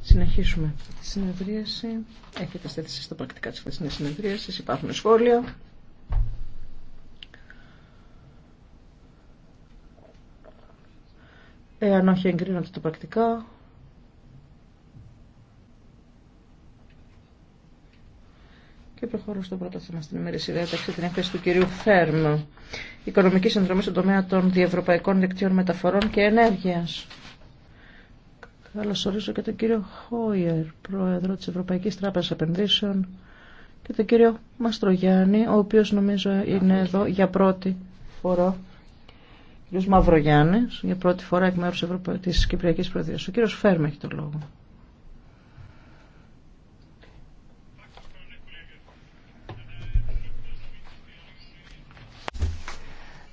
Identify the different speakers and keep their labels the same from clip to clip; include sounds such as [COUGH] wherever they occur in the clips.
Speaker 1: Συνεχίσουμε τη συνεδρίαση. Έχετε στέθηση στα πρακτικά της χθεσινής συνεδρίασης. Υπάρχουν σχόλια. Εάν όχι εγκρίνονται τα πρακτικά. Και προχωρώ στο πρώτο θέμα στην ημερήση διάταξη, την έκθεση του κυρίου Φέρμ. Οικονομική συνδρομή στον τομέα των διευρωπαϊκών δικτύων μεταφορών και ενέργειας καλωσορίσω και τον κύριο Χόιερ, πρόεδρο της Ευρωπαϊκής Τράπεζας Επενδύσεων και τον κύριο Μαστρογιάννη, ο οποίος νομίζω είναι εδώ για πρώτη φορά. Ο κύριος Μαυρογιάννης, για πρώτη φορά εκ μέρους της Κυπριακής Προεδρίας. Ο κύριος Φέρμα έχει το λόγο.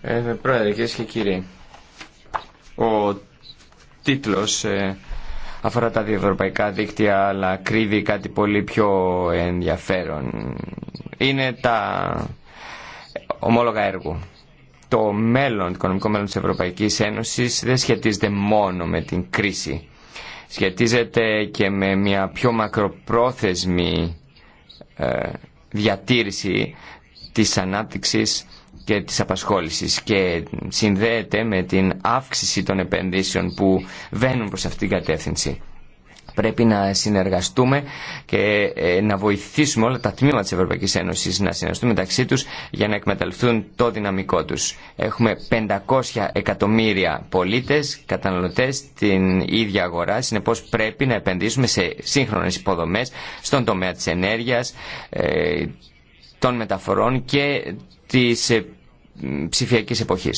Speaker 2: Ε, πρόεδρε, κυρίες και κύριοι, ο τίτλος ε, αφορά τα διευρωπαϊκά δίκτυα αλλά κρύβει κάτι πολύ πιο ενδιαφέρον. Είναι τα ομόλογα έργου. Το μέλλον, το οικονομικό μέλλον της Ευρωπαϊκής Ένωσης δεν σχετίζεται μόνο με την κρίση. Σχετίζεται και με μια πιο μακροπρόθεσμη ε, διατήρηση της ανάπτυξης και της απασχόλησης και συνδέεται με την αύξηση των επενδύσεων που βαίνουν προς αυτήν την κατεύθυνση. Πρέπει να συνεργαστούμε και ε, να βοηθήσουμε όλα τα τμήματα της Ευρωπαϊκής Ένωσης να συνεργαστούν μεταξύ τους για να εκμεταλλευτούν το δυναμικό τους. Έχουμε 500 εκατομμύρια πολίτες, καταναλωτές την ίδια αγορά. Συνεπώς πρέπει να επενδύσουμε σε σύγχρονες υποδομές στον τομέα της ενέργειας, ε, των μεταφορών και της ψηφιακή εποχή.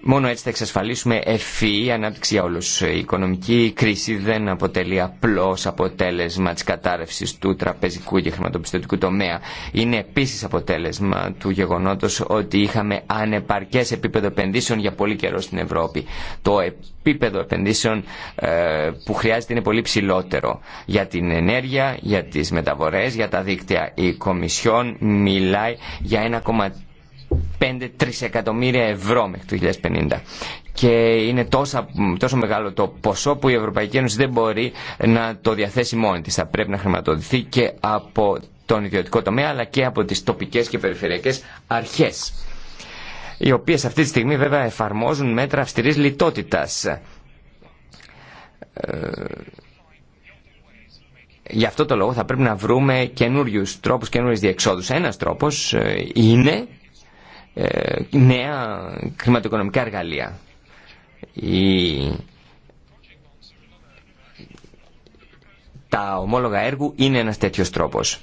Speaker 2: Μόνο έτσι θα εξασφαλίσουμε ευφυή ανάπτυξη για όλους. Η οικονομική κρίση δεν αποτελεί απλώς αποτέλεσμα της κατάρρευσης του τραπεζικού και χρηματοπιστωτικού τομέα. Είναι επίσης αποτέλεσμα του γεγονότος ότι είχαμε ανεπαρκές επίπεδο επενδύσεων για πολύ καιρό στην Ευρώπη. Το επίπεδο επενδύσεων ε, που χρειάζεται είναι πολύ ψηλότερο για την ενέργεια, για τις μεταφορές, για τα δίκτυα. Η Κομισιόν μιλάει για 1,3 5 τρισεκατομμύρια ευρώ μέχρι το 2050. Και είναι τόσο, τόσο μεγάλο το ποσό που η Ευρωπαϊκή Ένωση δεν μπορεί να το διαθέσει μόνη της. Θα πρέπει να χρηματοδοτηθεί και από τον ιδιωτικό τομέα αλλά και από τις τοπικές και περιφερειακές αρχές οι οποίες αυτή τη στιγμή βέβαια εφαρμόζουν μέτρα αυστηρής λιτότητας. Ε, γι' αυτό το λόγο θα πρέπει να βρούμε καινούριου τρόπους, καινούριες διεξόδους. Ένας τρόπος ε, είναι ε, νέα χρηματοοικονομικά εργαλεία. Τα ομόλογα έργου είναι ένας τέτοιος τρόπος.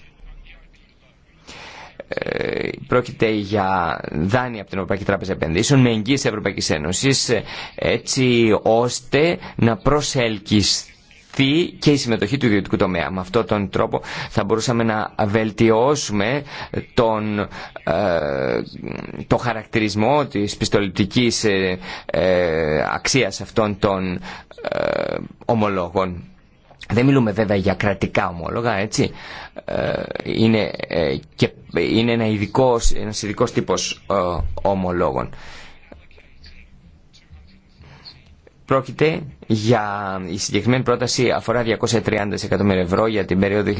Speaker 2: Ε, πρόκειται για δάνεια από την Ευρωπαϊκή Τράπεζα Επενδύσεων με εγγύηση Ευρωπαϊκής Ένωσης ε, έτσι ώστε να προσελκυστεί και η συμμετοχή του ιδιωτικού τομέα. Με αυτόν τον τρόπο θα μπορούσαμε να βελτιώσουμε τον, ε, το χαρακτηρισμό της πιστοληπτικής ε, ε αξίας αυτών των ε, ομολόγων. Δεν μιλούμε βέβαια για κρατικά ομόλογα, έτσι. Είναι, και, είναι ένα ειδικός, ένας ειδικός τύπος ομολόγων. Πρόκειται για η συγκεκριμένη πρόταση αφορά 230 εκατομμύρια ευρώ για την περίοδο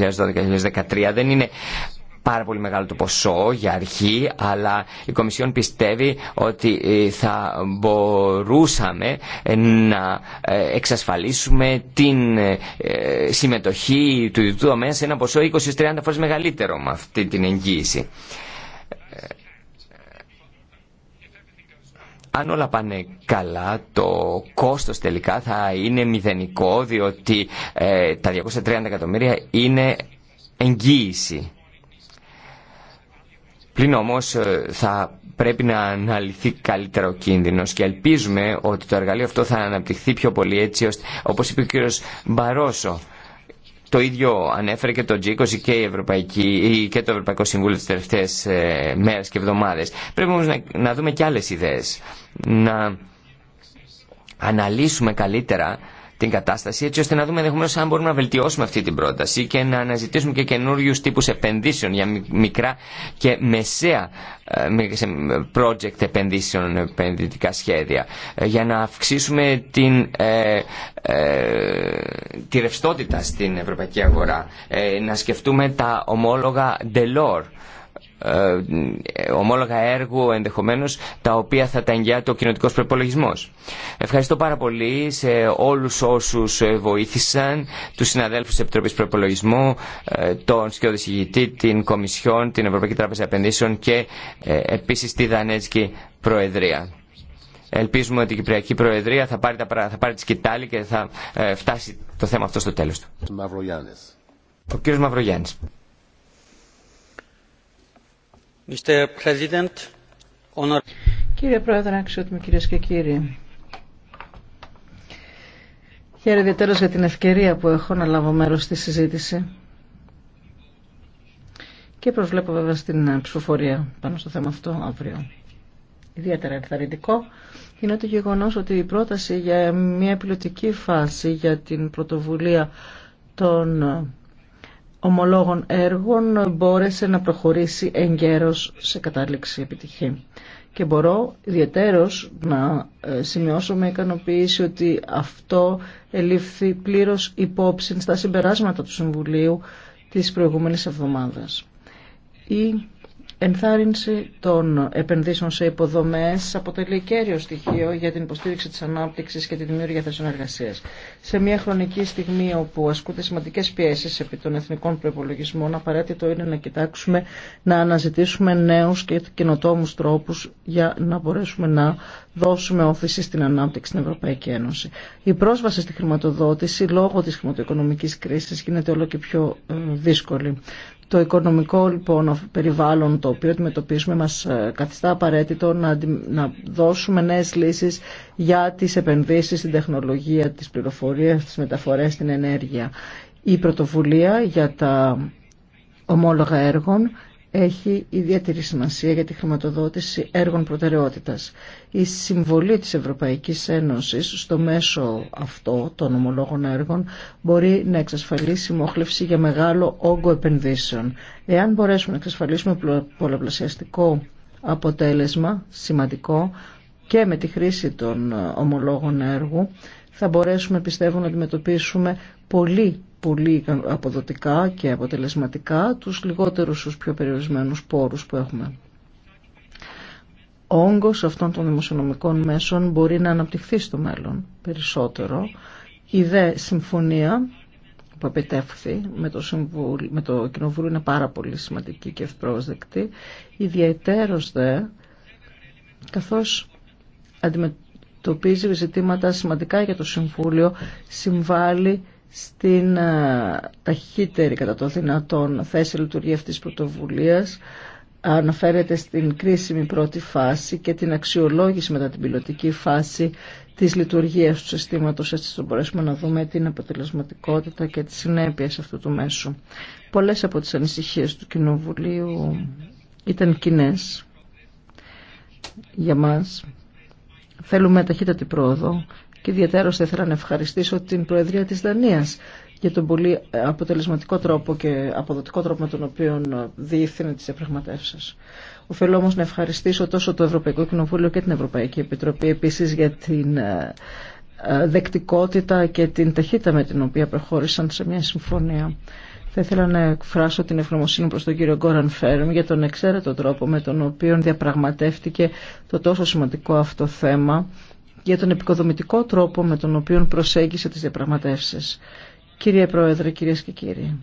Speaker 2: 2012-2013. Δεν είναι πάρα πολύ μεγάλο το ποσό για αρχή, αλλά η Κομισιόν πιστεύει ότι ε, θα μπορούσαμε ε, να ε, εξασφαλίσουμε την συμμετοχή του ιδιωτικού τομέα σε ένα ποσό 20-30 φορές μεγαλύτερο με αυτή την εγγύηση. αν όλα πάνε καλά, το κόστος τελικά θα είναι μηδενικό, διότι ε, τα 230 εκατομμύρια είναι εγγύηση. Πλην όμως ε, θα πρέπει να αναλυθεί καλύτερο κίνδυνο και ελπίζουμε ότι το εργαλείο αυτό θα αναπτυχθεί πιο πολύ έτσι ώστε, όπως είπε ο κύριος Μπαρόσο, το ίδιο ανέφερε και το G20 και, η Ευρωπαϊκή, και το Ευρωπαϊκό Συμβούλιο τις τελευταίες ε, μέρες και εβδομάδες. Πρέπει όμως να, να δούμε και άλλες ιδέες. Να αναλύσουμε καλύτερα την κατάσταση, έτσι ώστε να δούμε ενδεχομένω αν μπορούμε να βελτιώσουμε αυτή την πρόταση και να αναζητήσουμε και καινούριου τύπου επενδύσεων για μικρά και μεσαία ε, project επενδύσεων, επενδυτικά σχέδια, ε, για να αυξήσουμε την, ε, ε, τη ρευστότητα στην ευρωπαϊκή αγορά, να σκεφτούμε τα ομόλογα Delors ε, ε, ομόλογα έργου ενδεχομένως τα οποία θα τα εγγυάται ο κοινοτικός προπολογισμό. Ευχαριστώ πάρα πολύ σε όλους όσους ε, βοήθησαν, τους συναδέλφους της Επιτροπής Προπολογισμού, τον σκιώδη την Κομισιόν, την Ευρωπαϊκή Τράπεζα Επενδύσεων και επίσης τη Δανέζικη Προεδρία. Ελπίζουμε ότι η Κυπριακή Προεδρία θα πάρει, τα, θα πάρει τη σκητάλη και θα φτάσει το θέμα αυτό στο τέλος του. Ο κύριος Μαυρογιάννης.
Speaker 1: Κύριε Πρόεδρε, αξιότιμοι κυρίε και κύριοι. Χαίρομαι ιδιαίτερα για την ευκαιρία που έχω να λάβω μέρο στη συζήτηση. Και προσβλέπω βέβαια στην ψηφοφορία πάνω στο θέμα αυτό αύριο. Ιδιαίτερα ενθαρρυντικό είναι το γεγονό ότι η πρόταση για μια πιλωτική φάση για την πρωτοβουλία των ομολόγων έργων μπόρεσε να προχωρήσει εγκαίρως σε κατάληξη επιτυχή. Και μπορώ ιδιαιτέρως να ε, σημειώσω με ικανοποίηση ότι αυτό ελήφθη πλήρως υπόψη στα συμπεράσματα του Συμβουλίου της προηγούμενης εβδομάδας. Ενθάρρυνση των επενδύσεων σε υποδομές αποτελεί κέριο στοιχείο για την υποστήριξη τη ανάπτυξη και τη δημιουργία θέσεων εργασία. Σε μια χρονική στιγμή όπου ασκούνται σημαντικέ πιέσει επί των εθνικών προπολογισμών, απαραίτητο είναι να κοιτάξουμε να αναζητήσουμε νέου και καινοτόμου τρόπου για να μπορέσουμε να δώσουμε όθηση στην ανάπτυξη στην Ευρωπαϊκή Ένωση. Η πρόσβαση στη χρηματοδότηση λόγω τη χρηματοοικονομική κρίση γίνεται όλο και πιο ε, δύσκολη. Το οικονομικό λοιπόν περιβάλλον το οποίο αντιμετωπίζουμε μας ε, καθιστά απαραίτητο να, να δώσουμε νέες λύσεις για τις επενδύσεις στην τεχνολογία, τις πληροφορίες, τις μεταφορές, την ενέργεια. Η πρωτοβουλία για τα ομόλογα έργων έχει ιδιαίτερη σημασία για τη χρηματοδότηση έργων προτεραιότητας. Η συμβολή της Ευρωπαϊκής Ένωσης στο μέσο αυτό των ομολόγων έργων μπορεί να εξασφαλίσει μόχλευση για μεγάλο όγκο επενδύσεων. Εάν μπορέσουμε να εξασφαλίσουμε πολλαπλασιαστικό αποτέλεσμα σημαντικό και με τη χρήση των ε, ομολόγων έργου θα μπορέσουμε πιστεύω να αντιμετωπίσουμε πολύ πολύ αποδοτικά και αποτελεσματικά τους λιγότερους τους πιο περιορισμένους πόρους που έχουμε. Ο όγκος αυτών των δημοσιονομικών μέσων μπορεί να αναπτυχθεί στο μέλλον περισσότερο. Η δε συμφωνία που επιτεύχθη με το, Συμβούλιο, το Κοινοβούλιο είναι πάρα πολύ σημαντική και ευπρόσδεκτη. Ιδιαιτέρως δε, καθώς αντιμετωπίζει ζητήματα σημαντικά για το Συμβούλιο, συμβάλλει στην ε, ταχύτερη κατά το δυνατόν θέση λειτουργία αυτής της πρωτοβουλίας αναφέρεται στην κρίσιμη πρώτη φάση και την αξιολόγηση μετά την πιλωτική φάση της λειτουργίας του συστήματος έτσι να μπορέσουμε να δούμε την αποτελεσματικότητα και τις συνέπειες αυτού του μέσου. Πολλές από τις ανησυχίες του Κοινοβουλίου ήταν κοινέ για μας. Θέλουμε ταχύτατη πρόοδο και ιδιαίτερα θα ήθελα να ευχαριστήσω την Προεδρία της Δανίας για τον πολύ αποτελεσματικό τρόπο και αποδοτικό τρόπο με τον οποίο διεύθυνε τις επραγματεύσεις. Οφείλω όμως να ευχαριστήσω τόσο το Ευρωπαϊκό Κοινοβούλιο και την Ευρωπαϊκή Επιτροπή επίσης για την ε, ε, δεκτικότητα και την ταχύτητα με την οποία προχώρησαν σε μια συμφωνία. Θα ήθελα να εκφράσω την ευγνωμοσύνη προς τον κύριο Γκόραν Φέρμ για τον εξαίρετο τρόπο με τον οποίο διαπραγματεύτηκε το τόσο σημαντικό αυτό θέμα για τον επικοδομητικό τρόπο με τον οποίο προσέγγισε τις διαπραγματεύσεις. Κύριε Πρόεδρε, κυρίες και κύριοι,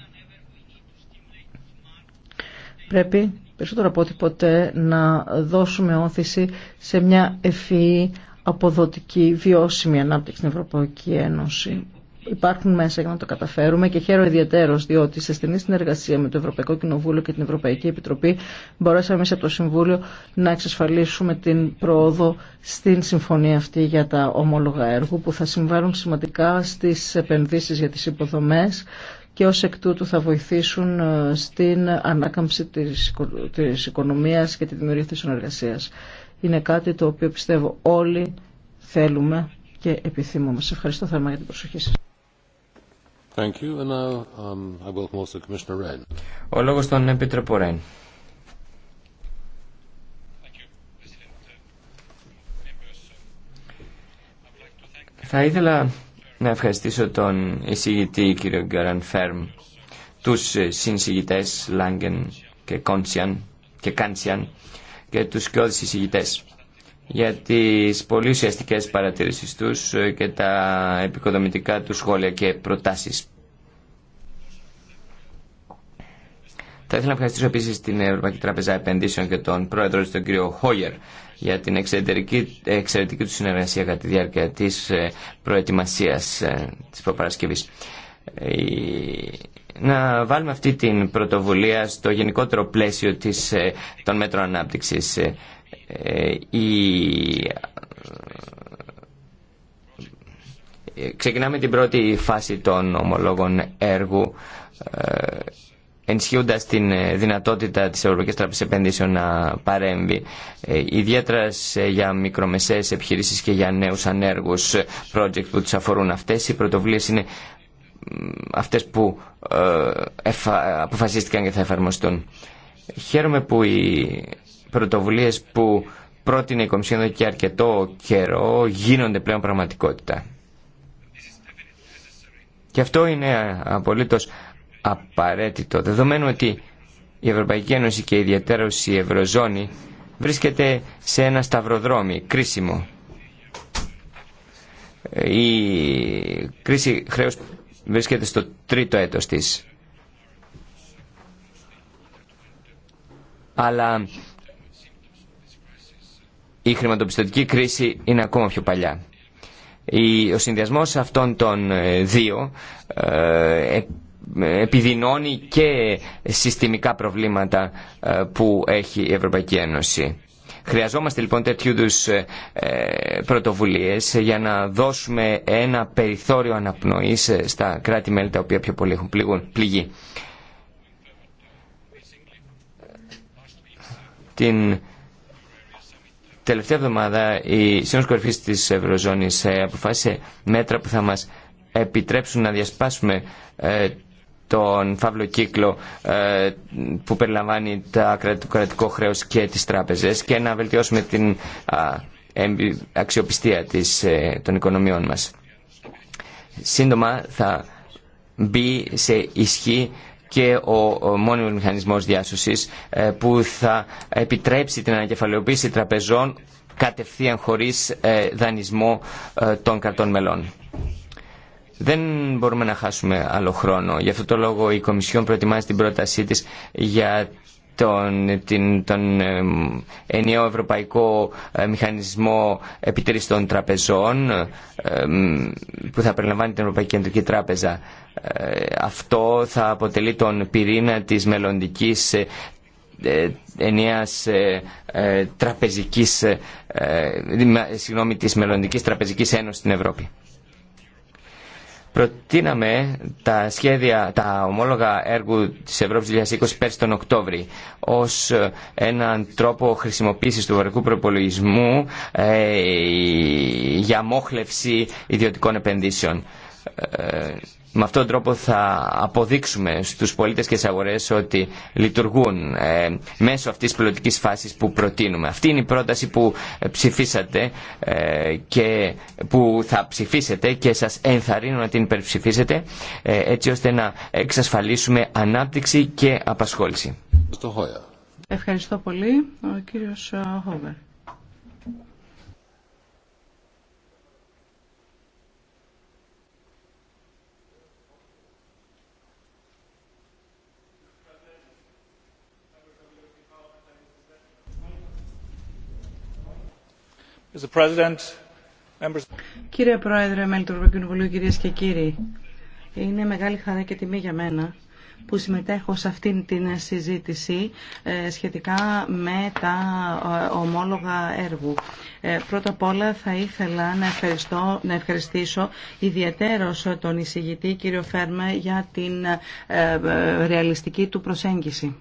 Speaker 1: πρέπει περισσότερο από ό,τι ποτέ να δώσουμε όθηση σε μια ευφυή αποδοτική βιώσιμη ανάπτυξη στην Ευρωπαϊκή Ένωση υπάρχουν μέσα για να το καταφέρουμε και χαίρομαι ιδιαίτερω διότι σε στενή συνεργασία με το Ευρωπαϊκό Κοινοβούλιο και την Ευρωπαϊκή Επιτροπή μπορέσαμε εμεί από το Συμβούλιο να εξασφαλίσουμε την πρόοδο στην συμφωνία αυτή για τα ομόλογα έργου που θα συμβάλλουν σημαντικά στι επενδύσει για τι υποδομέ και ως εκ τούτου θα βοηθήσουν ε, στην ανάκαμψη της, της οικονομίας και τη δημιουργία της συνεργασίας. Είναι κάτι το οποίο πιστεύω όλοι θέλουμε και επιθυμούμε. Σε ευχαριστώ θερμά για την προσοχή σας.
Speaker 2: Thank you. And now, um, I welcome also Ο λόγος στον Επίτροπο Ρέν. Uh, uh, Θα ήθελα να ευχαριστήσω τον εισηγητή κύριο Γκέραν Φέρμ, τους συνσηγητές Λάγκεν και Κάντσιαν και τους κοιόδης εισηγητές για τις πολύ ουσιαστικέ παρατηρήσεις τους και τα επικοδομητικά του σχόλια και προτάσεις. Θα ήθελα να ευχαριστήσω επίσης την Ευρωπαϊκή Τράπεζα Επενδύσεων και τον πρόεδρο τον κύριο Χόγερ για την εξαιρετική, εξαιρετική του συνεργασία κατά τη διάρκεια της ε, προετοιμασίας ε, της προπαρασκευής. Ε, να βάλουμε αυτή την πρωτοβουλία στο γενικότερο πλαίσιο της, των μέτρων ανάπτυξης ε, ε, ξεκινάμε την πρώτη φάση των ομολόγων έργου ε, ενισχύοντας την δυνατότητα της Ευρωπαϊκής Τράπεζας Επενδύσεων να παρέμβει. Ιδιαίτερα για μικρομεσαίες επιχειρήσεις και για νέους ανέργους project που τους αφορούν αυτές, οι πρωτοβουλίες είναι αυτές που αποφασίστηκαν και θα εφαρμοστούν. Χαίρομαι που η Πρωτοβουλίε που πρότεινε η Κομισιόν εδώ και αρκετό καιρό γίνονται πλέον πραγματικότητα. Και αυτό είναι απολύτως απαραίτητο, δεδομένου ότι η Ευρωπαϊκή Ένωση και ιδιαίτερα η Ευρωζώνη βρίσκεται σε ένα σταυροδρόμι κρίσιμο. Η κρίση χρέους βρίσκεται στο τρίτο έτος της. Αλλά η χρηματοπιστωτική κρίση είναι ακόμα πιο παλιά. Ο συνδυασμός αυτών των ε, δύο ε, ε, επιδεινώνει και συστημικά προβλήματα που έχει η Ευρωπαϊκή Ένωση. Χρειαζόμαστε λοιπόν τέτοιου είδου για να δώσουμε ένα περιθώριο αναπνοής στα κράτη-μέλη τα οποία πιο πολύ έχουν πληγεί. Την Τελευταία εβδομάδα η Σύνοδος Κορυφής της Ευρωζώνης ε, αποφάσισε μέτρα που θα μας επιτρέψουν να διασπάσουμε ε, τον φαύλο κύκλο ε, που περιλαμβάνει το κρατικό χρέος και τις τράπεζες και να βελτιώσουμε την αξιοπιστία της, των οικονομιών μας. Σύντομα θα μπει σε ισχύ και ο μόνιμος μηχανισμός διάσωσης ε, που θα επιτρέψει την ανακεφαλαιοποίηση τραπεζών κατευθείαν χωρίς ε, δανεισμό ε, των κρατών μελών. Δεν μπορούμε να χάσουμε άλλο χρόνο. Γι' αυτό το λόγο η Κομισιόν προετοιμάζει την πρότασή της για τον, την, τον ενιαίο ευρωπαϊκό ε, μηχανισμό επιτήρηση των τραπεζών που θα περιλαμβάνει την Ευρωπαϊκή Κεντρική Τράπεζα. Ε, αυτό θα αποτελεί τον πυρήνα της μελλοντικής ε, ενιαίας τραπεζικής, συγγνώμη, της μελλοντικής τραπεζικής ένωσης στην Ευρώπη. Προτείναμε τα σχέδια, τα ομόλογα έργου της Ευρώπης 2020 πέρσι τον Οκτώβρη ως ε, έναν τρόπο χρησιμοποίησης του βαρικού προπολογισμού ε, για μόχλευση ιδιωτικών επενδύσεων. Ε, με αυτόν τον τρόπο θα αποδείξουμε στους πολίτες και στις αγορές ότι λειτουργούν ε, μέσω αυτής της πιλωτικής φάσης που προτείνουμε. Αυτή είναι η πρόταση που ψηφίσατε ε, και που θα ψηφίσετε και σας ενθαρρύνω να την υπερψηφίσετε έτσι ώστε να εξασφαλίσουμε ανάπτυξη και απασχόληση.
Speaker 3: Ευχαριστώ πολύ. Ο κύριος Χόβερ. Κύριε Πρόεδρε, μέλη του Ευρωπαϊκού Κοινοβουλίου, κυρίες και κύριοι, είναι μεγάλη χαρά και τιμή για μένα που συμμετέχω σε αυτήν την συζήτηση ε, σχετικά με τα ε, ομόλογα έργου. Ε, πρώτα απ' όλα θα ήθελα να, ευχαριστήσω ιδιαίτερος τον εισηγητή κύριο Φέρμα, για την ρεαλιστική του προσέγγιση.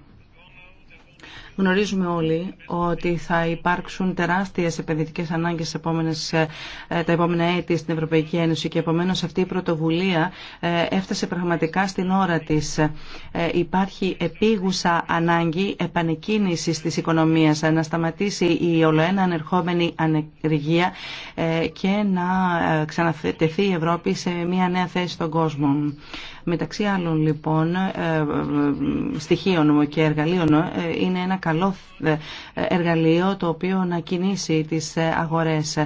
Speaker 3: Γνωρίζουμε όλοι ότι θα υπάρξουν τεράστιες επενδυτικέ ανάγκες ε, τα επόμενα έτη στην Ευρωπαϊκή Ένωση και επομένω, αυτή η πρωτοβουλία ε, έφτασε πραγματικά στην ώρα της. Ε, υπάρχει επίγουσα ανάγκη επανεκκίνηση της οικονομίας, να σταματήσει η ολοένα ανερχόμενη ανεργία και να ξαναθετεθεί η Ευρώπη σε μια νέα θέση στον κόσμο. Μεταξύ άλλων λοιπόν ε, ε, ε, στοιχείων και εργαλείων είναι ένα καλό εργαλείο το οποίο να κινήσει τις αγορές. Ε,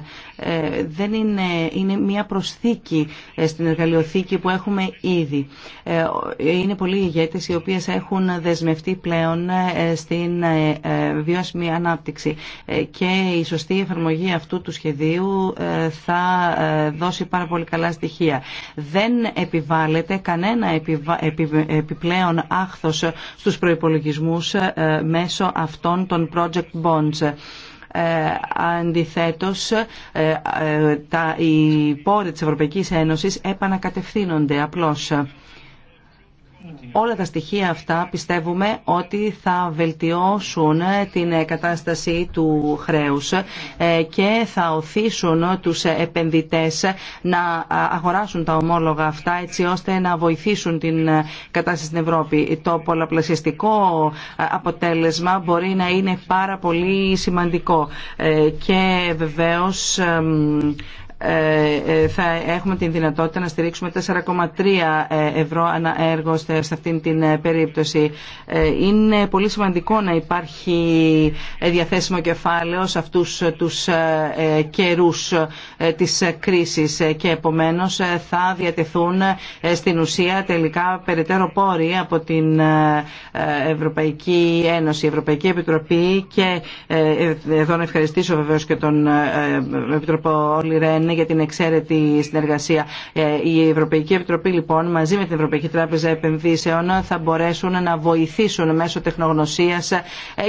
Speaker 3: δεν είναι, είναι μια προσθήκη ε, στην εργαλειοθήκη που έχουμε ήδη. Ε, είναι πολλοί ηγέτες οι οποίες έχουν δεσμευτεί πλέον στην βιώσιμη ανάπτυξη και η σωστή εφαρμογή αυτού του σχεδίου θα δώσει πάρα πολύ καλά στοιχεία. Δεν επιβάλλεται κανένα επιπλέον άχθος στους προϋπολογισμούς μέσω αυτών των project project bonds. Ε, ε, ε, τα, οι πόροι της Ευρωπαϊκής Ένωσης επανακατευθύνονται απλώς όλα τα στοιχεία αυτά πιστεύουμε ότι θα βελτιώσουν την κατάσταση του χρέους ε, και θα οθήσουν τους επενδυτές να αγοράσουν τα ομόλογα αυτά έτσι ώστε να βοηθήσουν την κατάσταση στην Ευρώπη. Το πολλαπλασιαστικό ε, αποτέλεσμα μπορεί να είναι πάρα πολύ σημαντικό ε, και βεβαίως ε, ε, θα έχουμε την δυνατότητα να στηρίξουμε 4,3 ε, ευρώ ανά έργο σε αυτήν την περίπτωση. Είναι πολύ σημαντικό να υπάρχει διαθέσιμο κεφάλαιο σε αυτούς τους καιρούς της κρίσης και επομένως θα διατεθούν στην ουσία τελικά περαιτέρω πόροι από την Ευρωπαϊκή Ένωση, Ευρωπαϊκή Επιτροπή και εδώ να ευχαριστήσω βεβαίως και τον Επιτροπό Όλη για την εξαίρετη συνεργασία. Ε, η Ευρωπαϊκή Επιτροπή λοιπόν μαζί με την Ευρωπαϊκή Τράπεζα Επενδύσεων θα μπορέσουν να βοηθήσουν μέσω τεχνογνωσίας ε,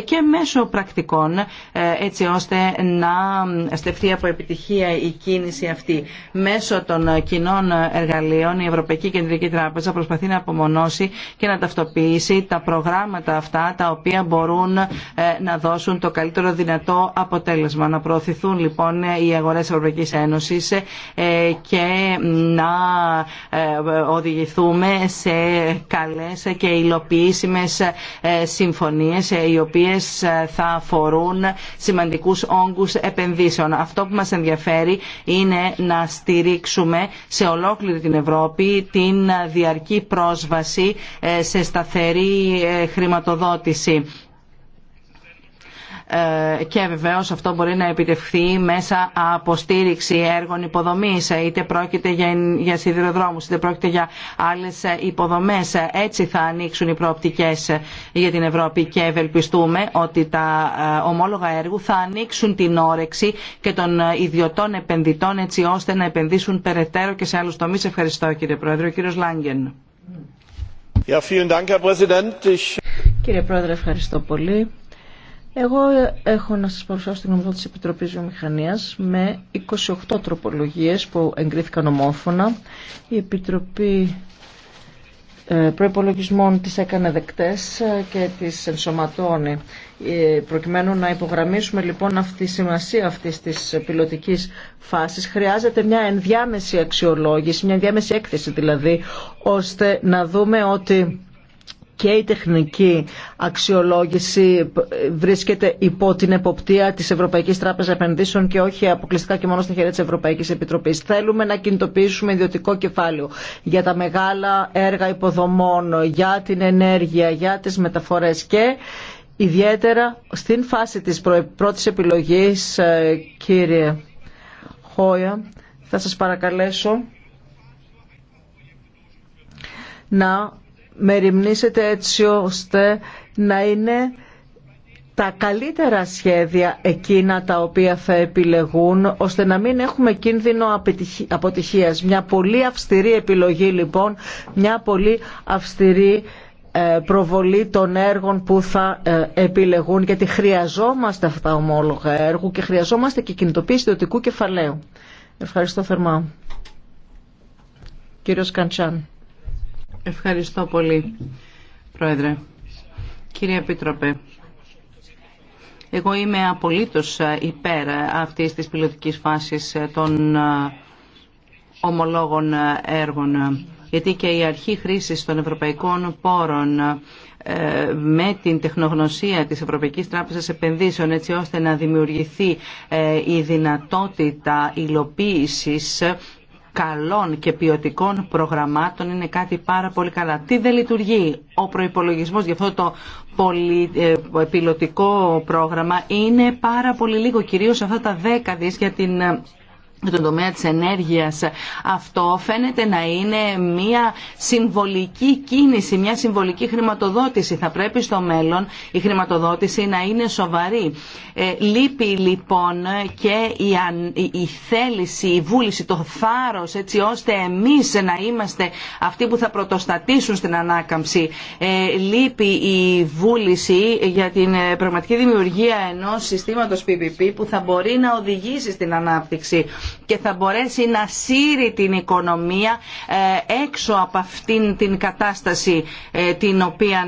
Speaker 3: και μέσω πρακτικών ε, έτσι ώστε να στεφτεί από επιτυχία η κίνηση αυτή. Μέσω των κοινών εργαλείων η Ευρωπαϊκή Κεντρική Τράπεζα προσπαθεί να απομονώσει και να ταυτοποιήσει τα προγράμματα αυτά τα οποία μπορούν να δώσουν το καλύτερο δυνατό αποτέλεσμα. Να προωθηθούν λοιπόν οι αγορέ Ευρωπαϊκής ε, και να ε, οδηγηθούμε σε καλές και υλοποιήσιμες ε, συμφωνίες οι οποίες θα αφορούν σημαντικούς όγκους επενδύσεων. Αυτό που μας ενδιαφέρει είναι να στηρίξουμε σε ολόκληρη την Ευρώπη την διαρκή πρόσβαση σε σταθερή χρηματοδότηση ε, και βεβαίως αυτό μπορεί να επιτευχθεί μέσα από στήριξη έργων υποδομής είτε πρόκειται για, για σιδηροδρόμους είτε πρόκειται για άλλες υποδομές έτσι θα ανοίξουν οι προοπτικές για την Ευρώπη και ευελπιστούμε ότι τα ε, ομόλογα έργου θα ανοίξουν την όρεξη και των ιδιωτών επενδυτών έτσι ώστε να επενδύσουν περαιτέρω και σε άλλους τομείς. Ευχαριστώ κύριε Πρόεδρε. Ο κύριος Λάγκεν.
Speaker 4: vielen Dank, Herr Präsident. Ich...
Speaker 3: Κύριε Πρόεδρε, ευχαριστώ πολύ.
Speaker 1: Εγώ έχω να σας παρουσιάσω την γνωμοδότηση της Επιτροπής Βιομηχανίας με 28 τροπολογίες που εγκρίθηκαν ομόφωνα. Η Επιτροπή ε, Προϋπολογισμών τις έκανε δεκτές ε, και τις ενσωματώνει. Ε, προκειμένου να υπογραμμίσουμε λοιπόν αυτή τη σημασία αυτή τη πιλωτική φάση. χρειάζεται μια ενδιάμεση αξιολόγηση, μια ενδιάμεση έκθεση δηλαδή, ώστε να δούμε ότι και η τεχνική αξιολόγηση βρίσκεται υπό την εποπτεία της Ευρωπαϊκής Τράπεζας Επενδύσεων και όχι αποκλειστικά και μόνο στα χέρια της Ευρωπαϊκής Επιτροπής. Θέλουμε να κινητοποιήσουμε ιδιωτικό κεφάλαιο για τα μεγάλα έργα υποδομών, για την ενέργεια, για τις μεταφορές και ιδιαίτερα στην φάση της πρώτης επιλογής, ε, κύριε Χόια, θα σας παρακαλέσω να μεριμνήσετε έτσι ώστε να είναι τα καλύτερα σχέδια εκείνα τα οποία θα επιλεγούν ώστε να μην έχουμε κίνδυνο αποτυχίας. Μια πολύ αυστηρή επιλογή λοιπόν, μια πολύ αυστηρή ε, προβολή των έργων που θα ε, επιλεγούν γιατί χρειαζόμαστε αυτά ομόλογα έργου και χρειαζόμαστε και κινητοποίηση ιδιωτικού κεφαλαίου. Ευχαριστώ θερμά.
Speaker 3: Κύριος Καντσάν. Ευχαριστώ πολύ, Πρόεδρε. Κύριε Επίτροπε, εγώ είμαι απολύτως ε, υπέρ αυτής της πιλωτικής φάσης ε, των ε, ομολόγων έργων, γιατί και η αρχή χρήσης των ευρωπαϊκών πόρων με την τεχνογνωσία της Ευρωπαϊκής Τράπεζας Επενδύσεων έτσι ώστε να δημιουργηθεί η δυνατότητα υλοποίησης καλών και ποιοτικών προγραμμάτων είναι κάτι πάρα πολύ καλά. Τι δεν λειτουργεί ο προϋπολογισμός για αυτό το πολυ, ε, πρόγραμμα είναι πάρα πολύ λίγο, κυρίως αυτά τα δέκα για την ε, με τον τομέα της ενέργειας. Αυτό φαίνεται να είναι μια συμβολική κίνηση, μια συμβολική χρηματοδότηση. Θα πρέπει στο μέλλον η χρηματοδότηση να είναι σοβαρή. Ε, λείπει λοιπόν και η, η θέληση, η βούληση, το θάρρος έτσι ώστε εμείς να είμαστε αυτοί που θα πρωτοστατήσουν στην ανάκαμψη. Ε, λείπει η βούληση για την ε, πραγματική δημιουργία ενός συστήματος PPP που θα μπορεί να οδηγήσει στην ανάπτυξη και θα μπορέσει να σύρει την οικονομία ε, έξω από αυτήν την κατάσταση ε, την οποία,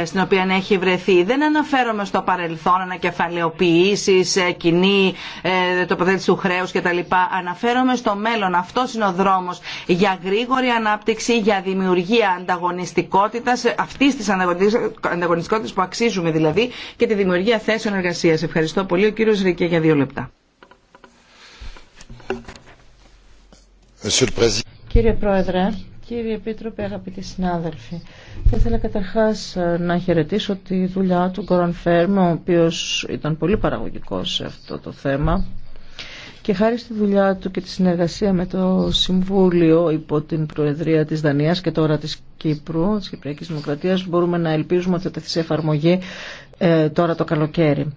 Speaker 3: ε, στην οποία έχει βρεθεί. Δεν αναφέρομαι στο παρελθόν, ανακεφαλαιοποιήσεις, κοινή τοποθέτηση του χρέους κτλ. Αναφέρομαι στο μέλλον. Αυτό είναι ο δρόμος για γρήγορη ανάπτυξη, για δημιουργία ανταγωνιστικότητας, αυτή της ανταγωνιστικότητας που αξίζουμε δηλαδή και τη δημιουργία θέσεων εργασίας. Ευχαριστώ πολύ. Ο κύριος Ρικέ για δύο λεπτά.
Speaker 1: Κύριε Πρόεδρε, κύριε Επίτροπε, αγαπητοί συνάδελφοι, θα ήθελα καταρχάς ε, να χαιρετήσω τη δουλειά του Γκόραν Φέρμα, ο οποίος ήταν πολύ παραγωγικός σε αυτό το θέμα και χάρη στη δουλειά του και τη συνεργασία με το Συμβούλιο υπό την Προεδρία της Δανίας και τώρα της Κύπρου, της Κυπριακής Δημοκρατίας, μπορούμε να ελπίζουμε ότι θα τεθεί σε εφαρμογή ε, τώρα το καλοκαίρι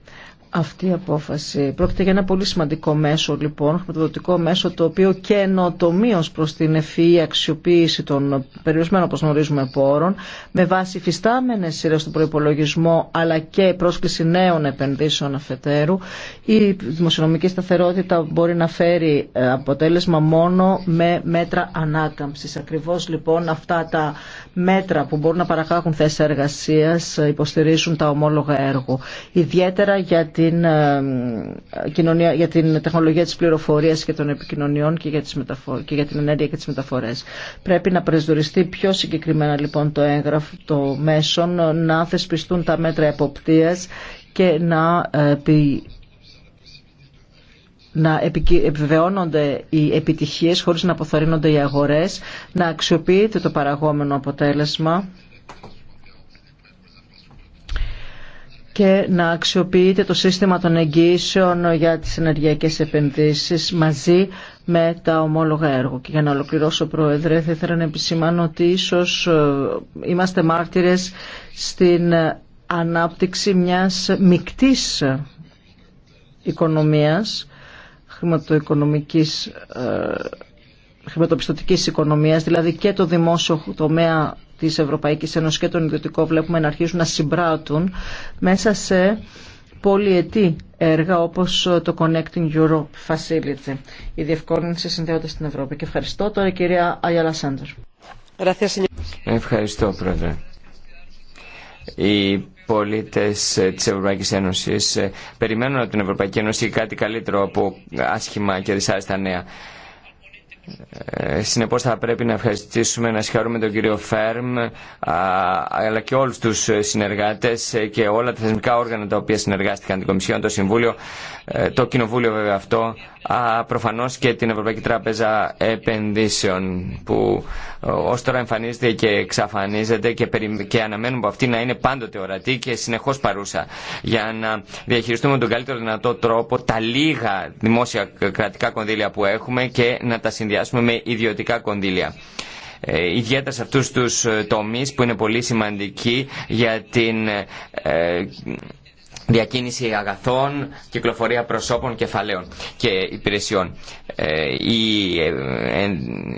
Speaker 1: αυτή η απόφαση. Πρόκειται για ένα πολύ σημαντικό μέσο λοιπόν, χρηματοδοτικό μέσο το οποίο καινοτομίω προς την ευφυή αξιοποίηση των περιορισμένων όπως γνωρίζουμε πόρων με βάση φυστάμενε σειρέ στον προπολογισμό αλλά και πρόσκληση νέων επενδύσεων αφετέρου. Η δημοσιονομική σταθερότητα μπορεί να φέρει ε, αποτέλεσμα μόνο με μέτρα ανάκαμψη. Ακριβώς, λοιπόν αυτά τα μέτρα που μπορούν να παραχάγουν θέσει εργασία ε, υποστηρίζουν τα ομόλογα έργου. Ιδιαίτερα για την, ε, κοινωνία, για την τεχνολογία της πληροφορίας και των επικοινωνιών και για, τις και για την ενέργεια και τις μεταφορές. Πρέπει να προσδιοριστεί πιο συγκεκριμένα λοιπόν το έγγραφο, το μέσον, να θεσπιστούν τα μέτρα εποπτείας και να ε, να επιβεβαιώνονται οι επιτυχίες χωρίς να αποθαρρύνονται οι αγορές, να αξιοποιείται το παραγόμενο αποτέλεσμα και να αξιοποιείται το σύστημα των εγγύσεων για τις ενεργειακές επενδύσεις μαζί με τα ομόλογα έργο. Και για να ολοκληρώσω, Πρόεδρε, θα ήθελα να επισημάνω ότι ίσως ε, είμαστε μάρτυρες στην ανάπτυξη μιας μικτής οικονομίας, χρηματοοικονομικής ε, χρηματοπιστωτικής οικονομίας, δηλαδή και το δημόσιο τομέα της Ευρωπαϊκής Ένωσης και τον ιδιωτικών βλέπουμε να αρχίζουν να συμπράττουν μέσα σε πολυετή έργα όπως το Connecting Europe Facility, η διευκόλυνση συνδέοντας στην Ευρώπη. Και ευχαριστώ τώρα η κυρία Αγιάλα Σάντερ.
Speaker 2: Ευχαριστώ πρόεδρε. Οι πολίτες της Ευρωπαϊκής Ένωση ε, περιμένουν από την Ευρωπαϊκή Ένωση κάτι καλύτερο από άσχημα και δυσάρεστα νέα. Ε, συνεπώς θα πρέπει να ευχαριστήσουμε, να συγχαρούμε τον κύριο Φέρμ αλλά και όλους τους συνεργάτες και όλα τα θεσμικά όργανα τα οποία συνεργάστηκαν την Κομισιόν, το Συμβούλιο, ε, το Κοινοβούλιο βέβαια αυτό προφανώς και την Ευρωπαϊκή Τράπεζα Επενδύσεων που ε, ως τώρα εμφανίζεται και εξαφανίζεται και, και αναμένουμε από αυτή να είναι πάντοτε ορατή και συνεχώς παρούσα για να διαχειριστούμε τον καλύτερο δυνατό τρόπο τα λίγα δημόσια κρατικά κονδύλια που έχουμε και να τα συνδυάσουμε με ιδιωτικά κονδύλια ε, ιδιαίτερα σε αυτούς τους ε, τομείς που είναι πολύ σημαντικοί για την διακίνηση αγαθών, κυκλοφορία προσώπων, κεφαλαίων και υπηρεσιών. Ε, ε,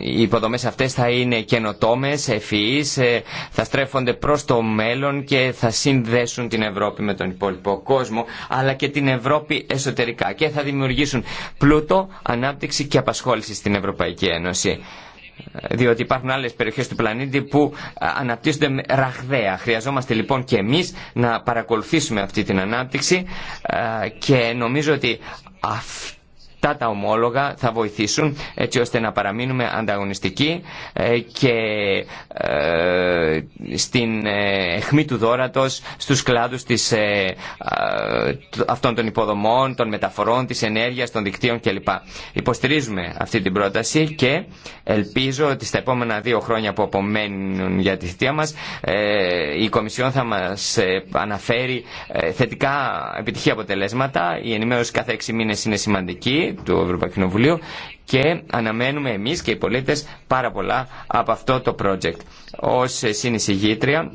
Speaker 2: οι υποδομές αυτές θα είναι καινοτόμες, ευφυείς, ε, θα στρέφονται προς το μέλλον και θα συνδέσουν την Ευρώπη με τον υπόλοιπο κόσμο, αλλά και την Ευρώπη εσωτερικά και θα δημιουργήσουν πλούτο, ανάπτυξη και απασχόληση στην Ευρωπαϊκή Ένωση διότι υπάρχουν άλλες περιοχές του πλανήτη που ε, αναπτύσσονται ραχδαία. Χρειαζόμαστε λοιπόν και εμείς να παρακολουθήσουμε αυτή την ανάπτυξη ε, και νομίζω ότι αυτά τα ομόλογα θα βοηθήσουν έτσι ώστε να παραμείνουμε ανταγωνιστικοί ε, και ε, στην εχμή του δόρατος στους κλάδους της, ε, αυτών των υποδομών, των μεταφορών, της ενέργειας, των δικτύων κλπ. Υποστηρίζουμε αυτή την πρόταση και ελπίζω ότι στα επόμενα δύο χρόνια που απομένουν για τη θητεία μας η Κομισιόν θα μας αναφέρει θετικά επιτυχή αποτελέσματα. Η ενημέρωση κάθε έξι μήνες είναι σημαντική του Ευρωπαϊκού Κοινοβουλίου και αναμένουμε εμείς και οι πολίτες πάρα πολλά από αυτό το project. Ως συνεισηγήτρια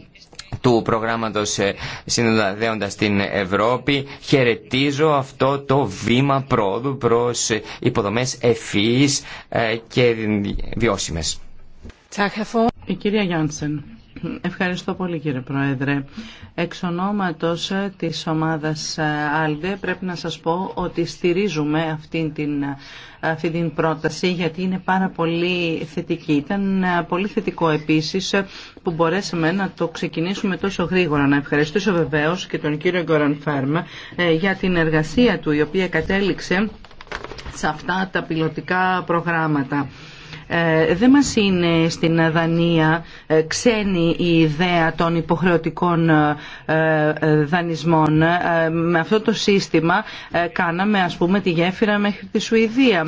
Speaker 2: του προγράμματος ε, συνδεδέοντας την Ευρώπη χαιρετίζω αυτό το βήμα πρόοδου προς υποδομές ευφύης ε, και βιώσιμες.
Speaker 3: Η κυρία Γιάνσεν. Ευχαριστώ πολύ κύριε Πρόεδρε. Εξ ονόματος της ομάδας ALDE ε, πρέπει να σας πω ότι στηρίζουμε αυτή την, αυτή πρόταση γιατί είναι πάρα πολύ θετική. Ήταν ε, πολύ θετικό επίσης που μπορέσαμε να το ξεκινήσουμε τόσο γρήγορα. Να ευχαριστήσω βεβαίως και τον κύριο Γκόραν ε, για την εργασία του η οποία κατέληξε σε αυτά τα πιλωτικά προγράμματα. Ε, δεν μας είναι στην Δανία ε, ξένη η ιδέα των υποχρεωτικών ε, δανεισμών. Με αυτό το σύστημα κάναμε ας πούμε τη γέφυρα μέχρι τη Σουηδία.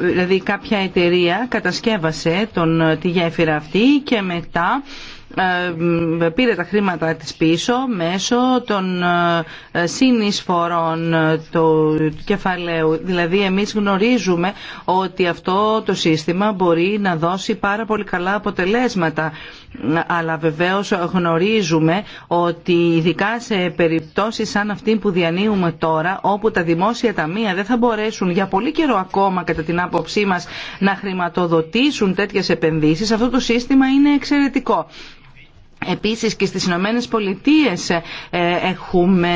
Speaker 3: Δηλαδή κάποια εταιρεία κατασκεύασε τη γέφυρα αυτή και μετά ε, πήρε τα χρήματα της πίσω μέσω των ε, συνεισφορών του κεφαλαίου. Δηλαδή εμείς γνωρίζουμε ότι αυτό το σύστημα μπορεί να δώσει πάρα πολύ καλά αποτελέσματα αλλά βεβαίως γνωρίζουμε ότι ειδικά σε περιπτώσεις σαν αυτή που διανύουμε τώρα όπου τα δημόσια ταμεία δεν θα μπορέσουν για πολύ καιρό ακόμα κατά την άποψή μας να χρηματοδοτήσουν τέτοιες επενδύσεις αυτό το σύστημα είναι εξαιρετικό. Επίσης και στις Ηνωμένε Πολιτείε ε, έχουμε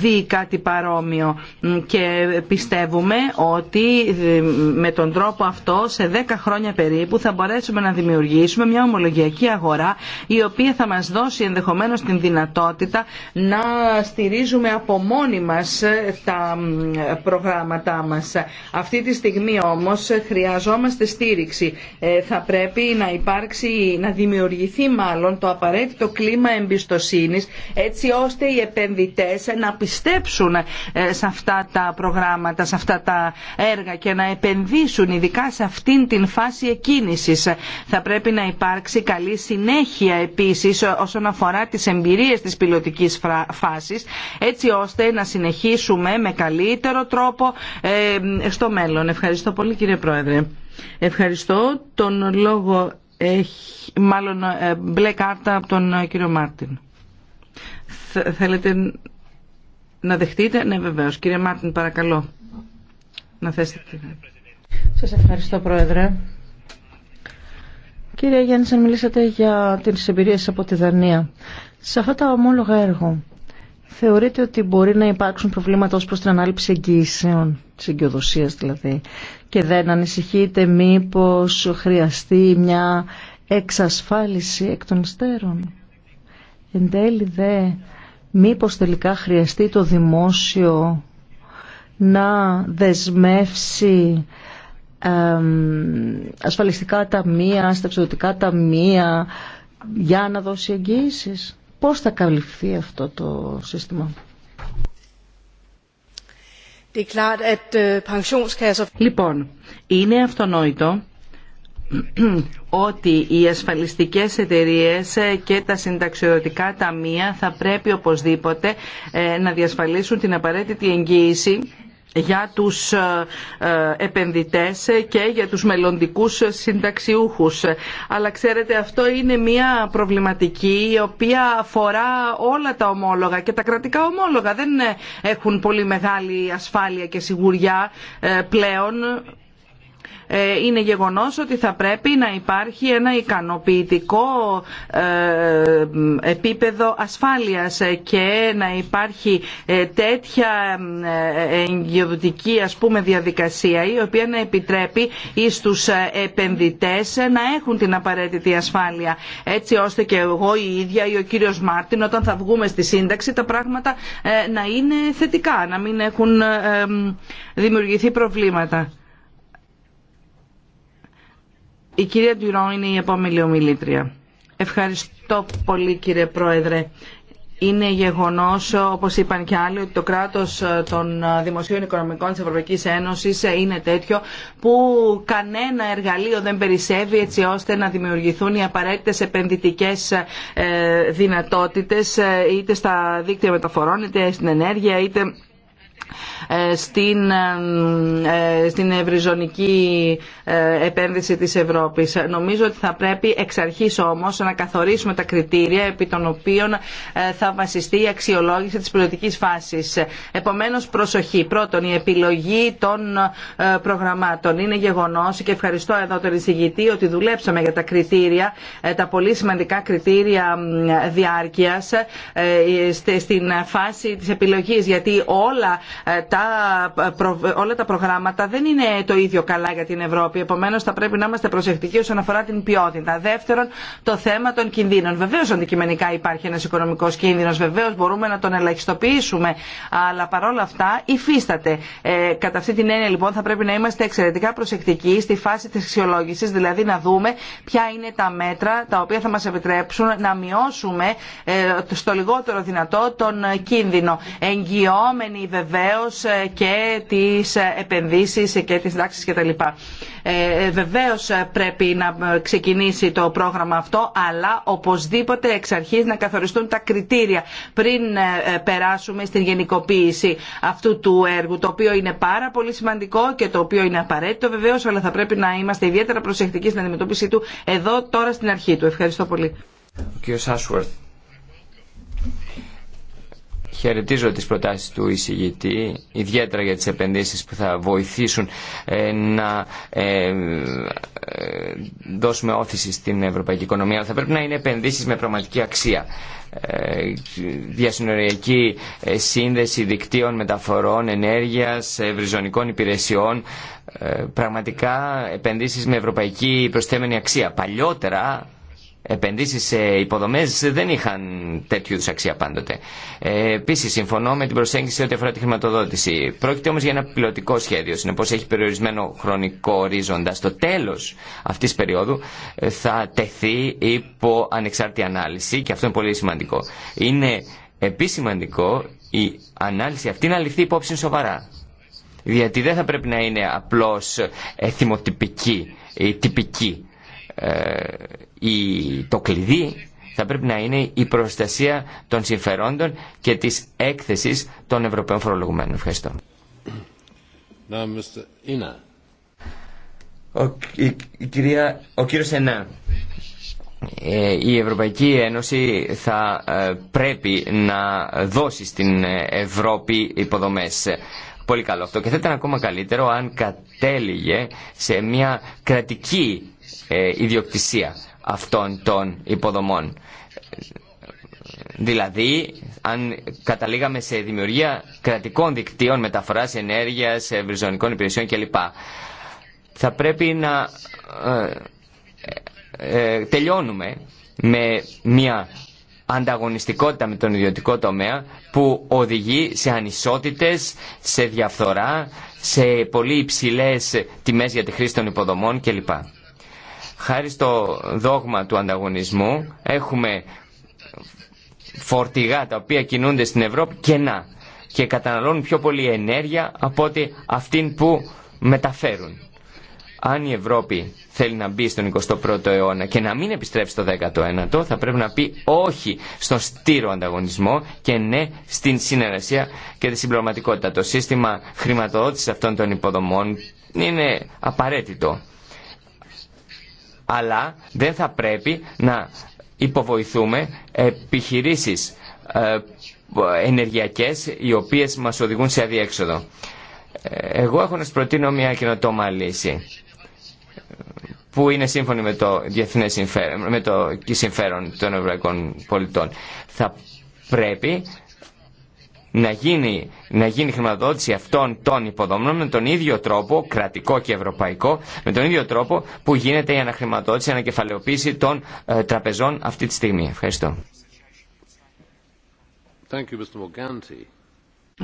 Speaker 3: δει κάτι παρόμοιο και πιστεύουμε ότι ε, με τον τρόπο αυτό σε 10 χρόνια περίπου θα μπορέσουμε να δημιουργήσουμε μια ομολογιακή αγορά η οποία θα μας δώσει ενδεχομένως την δυνατότητα να στηρίζουμε από μόνοι μας ε, τα προγράμματά μας. Αυτή τη στιγμή όμως χρειαζόμαστε στήριξη. Θα πρέπει να υπάρξει, να δημιουργηθεί μάλλον το απαραίτητο κλίμα εμπιστοσύνης έτσι ώστε οι επενδυτές να πιστέψουν ε, σε αυτά τα προγράμματα, σε αυτά τα έργα και να επενδύσουν ειδικά σε αυτήν την φάση εκκίνησης. Θα πρέπει να υπάρξει καλή συνέχεια επίσης όσον αφορά τις εμπειρίες της πιλωτικής φάσης έτσι ώστε να συνεχίσουμε με καλύτερο τρόπο ε, στο μέλλον. Ευχαριστώ πολύ κύριε Πρόεδρε. Ευχαριστώ. Τον λόγο έχει, μάλλον ε, μπλε κάρτα από τον ε, κύριο Μάρτιν. Θέλετε να δεχτείτε. Ναι βεβαίως. Κύριε Μάρτιν παρακαλώ να θέσετε. Σας ευχαριστώ Πρόεδρε.
Speaker 1: Κύριε σαν μιλήσατε για την εμπειρίες από τη Δανία. Σε αυτά τα ομόλογα έργο, θεωρείτε ότι μπορεί να υπάρξουν προβλήματα ως προς την ανάληψη εγγυήσεων, της εγκυοδοσίας δηλαδή και δεν ανησυχείτε μήπως χρειαστεί μια εξασφάλιση εκ των στερών; Εν τέλει δε, μήπως τελικά χρειαστεί το δημόσιο να δεσμεύσει ασφαλιστικά ταμεία, στεξιδοτικά ταμεία για να δώσει εγγύησεις. Πώς θα καλυφθεί αυτό το σύστημα.
Speaker 3: Er øh, λοιπόν, είναι αυτονόητο [CLEARS THROAT] ότι οι ασφαλιστικές εταιρείες ε, και τα συνταξιοδοτικά ταμεία θα πρέπει οπωσδήποτε ε, να διασφαλίσουν την απαραίτητη εγγύηση για τους ε, ε, επενδυτές και για τους μελλοντικούς συνταξιούχους. Αλλά ξέρετε αυτό είναι μια προβληματική η οποία αφορά όλα τα ομόλογα και τα κρατικά ομόλογα δεν έχουν πολύ μεγάλη ασφάλεια και σιγουριά ε, πλέον ε, είναι γεγονός ότι θα πρέπει να υπάρχει ένα ικανοποιητικό ε, επίπεδο ασφάλειας και να υπάρχει ε, τέτοια εγγυοδοτική ας διαδικασία η οποία να επιτρέπει εις τους επενδυτές να έχουν την απαραίτητη ασφάλεια έτσι ώστε και εγώ η ίδια ή ο κύριος Μάρτιν όταν θα βγούμε στη σύνταξη τα πράγματα να είναι θετικά, να μην έχουν δημιουργηθεί προβλήματα. Η κυρία Ντουρό είναι η επόμενη ομιλήτρια. Ευχαριστώ πολύ κύριε Πρόεδρε. Είναι γεγονός, όπως είπαν και άλλοι, ότι το κράτος ε, των ε, δημοσίων οικονομικών της Ευρωπαϊκής Ένωσης ε, είναι τέτοιο που κανένα εργαλείο δεν περισσεύει έτσι ώστε να δημιουργηθούν οι απαραίτητες επενδυτικές δυνατότητες είτε στα δίκτυα μεταφορών, είτε στην ενέργεια, είτε ε, στην, ε, ε, στην ευρυζωνική επένδυση της Ευρώπης. Νομίζω ότι θα πρέπει εξ αρχής όμως να καθορίσουμε τα κριτήρια επί των οποίων θα βασιστεί η αξιολόγηση της πολιτικής φάσης. Επομένως προσοχή. Πρώτον η επιλογή των προγραμμάτων. Είναι γεγονός και ευχαριστώ εδώ τον εισηγητή ότι δουλέψαμε για τα κριτήρια, τα πολύ σημαντικά κριτήρια διάρκειας στην φάση της επιλογής γιατί όλα ε, τα, ε, ε, όλα τα προγράμματα δεν είναι το ίδιο καλά για την Ευρώπη. Επομένω, θα πρέπει να είμαστε προσεκτικοί όσον αφορά την ποιότητα. Δεύτερον, το θέμα των κινδύνων. Βεβαίω, αντικειμενικά υπάρχει ένα οικονομικό κίνδυνο, βεβαίω μπορούμε να τον ελαχιστοποιήσουμε. Αλλά παρόλα αυτά υφίσταται. κατά αυτή την έννοια λοιπόν θα πρέπει να είμαστε εξαιρετικά προσεκτικοί στη φάση τη αξιολόγηση, δηλαδή να δούμε ποια είναι τα μέτρα τα οποία θα μα επιτρέψουν να μειώσουμε ε, στο λιγότερο δυνατό τον κίνδυνο. Εγγυόμενοι βεβαίω βεβαίω ε, και τι ε, επενδύσεις και τι δάξεις κτλ. Ε, βεβαίω πρέπει να ξεκινήσει το πρόγραμμα αυτό, αλλά οπωσδήποτε εξ αρχής να καθοριστούν τα κριτήρια πριν περάσουμε στην γενικοποίηση αυτού του έργου, το οποίο είναι πάρα πολύ σημαντικό και το οποίο είναι απαραίτητο βεβαίω, αλλά θα πρέπει να είμαστε ιδιαίτερα προσεκτικοί στην αντιμετώπιση του εδώ τώρα στην αρχή του. Ευχαριστώ πολύ
Speaker 2: χαιρετίζω τις προτάσεις του εισηγητή, ιδιαίτερα για τις επενδύσεις που θα βοηθήσουν ε, να ε, ε, δώσουμε όθηση στην ευρωπαϊκή οικονομία, αλλά θα πρέπει να είναι επενδύσεις με πραγματική αξία. Διασυνοριακή σύνδεση δικτύων μεταφορών, ενέργειας, ευρυζωνικών υπηρεσιών, πραγματικά επενδύσεις με ευρωπαϊκή προσθέμενη αξία. Παλιότερα επενδύσεις σε υποδομές δεν είχαν τέτοιου είδους αξία πάντοτε. Ε, επίσης, συμφωνώ με την προσέγγιση ό,τι αφορά τη χρηματοδότηση. Πρόκειται όμως για ένα πιλωτικό σχέδιο, συνεπώς έχει περιορισμένο χρονικό ορίζοντα. Στο τέλος αυτής της περίοδου ε, θα τεθεί υπό ανεξάρτητη ανάλυση και αυτό είναι πολύ σημαντικό. Είναι επίσης σημαντικό η ανάλυση αυτή να ληφθεί υπόψη σοβαρά. Γιατί δεν θα πρέπει να είναι απλώς εθιμοτυπική ή τυπική ε, το κλειδί θα πρέπει να είναι η προστασία των συμφερόντων και της έκθεσης των Ευρωπαίων φορολογουμένων. Ευχαριστώ. Ο, η, η κύριος Ενά. Ε, η Ευρωπαϊκή Ένωση θα ε, πρέπει να δώσει στην Ευρώπη υποδομές. Πολύ καλό αυτό. Και θα ήταν ακόμα καλύτερο αν κατέληγε σε μια κρατική ε, ιδιοκτησία αυτών των υποδομών. Δηλαδή, αν καταλήγαμε σε δημιουργία κρατικών δικτύων μεταφοράς ενέργειας, ευρυζωνικών υπηρεσιών κλπ. Θα πρέπει να ε, ε, τελειώνουμε με μια ανταγωνιστικότητα με τον ιδιωτικό τομέα που οδηγεί σε ανισότητες, σε διαφθορά, σε πολύ υψηλές τιμές για τη χρήση των υποδομών κλπ. Χάρη στο δόγμα του ανταγωνισμού έχουμε φορτηγά τα οποία κινούνται στην Ευρώπη κενά και καταναλώνουν πιο πολύ ενέργεια από ότι αυτήν που μεταφέρουν. Αν η Ευρώπη θέλει να μπει στον 21ο αιώνα και να μην επιστρέψει στο 19ο, θα πρέπει να πει όχι στον στήρο ανταγωνισμό και ναι στην συνεργασία και τη συμπληρωματικότητα. Το σύστημα χρηματοδότησης αυτών των υποδομών είναι απαραίτητο αλλά δεν θα πρέπει να υποβοηθούμε επιχειρήσεις ε, ενεργειακές οι οποίες μας οδηγούν σε αδιέξοδο. Εγώ έχω να σας προτείνω μια καινοτόμα λύση που είναι σύμφωνη με το διεθνές συμφέρον, συμφέρον των ευρωπαϊκών πολιτών. Θα πρέπει να γίνει, να γίνει χρηματοδότηση αυτών των υποδομών με τον ίδιο τρόπο, κρατικό και ευρωπαϊκό, με τον ίδιο τρόπο που γίνεται η αναχρηματοδότηση, η ανακεφαλαιοποίηση των ε, τραπεζών αυτή τη στιγμή. Ευχαριστώ.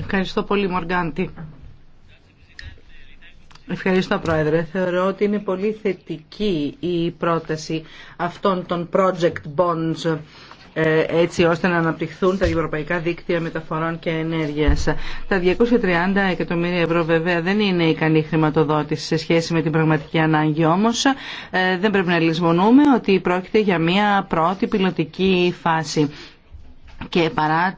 Speaker 3: Ευχαριστώ πολύ, Μοργάντη. Ευχαριστώ Πρόεδρε. Θεωρώ ότι είναι πολύ θετική η πρόταση αυτών των project bonds ε, έτσι ώστε να αναπτυχθούν τα ευρωπαϊκά δίκτυα μεταφορών και ενέργειας. Τα 230 εκατομμύρια ευρώ βέβαια δεν είναι ικανή χρηματοδότηση σε σχέση με την πραγματική ανάγκη όμως. Ε, δεν πρέπει να λησμονούμε ότι πρόκειται για μια πρώτη πιλωτική φάση και παρά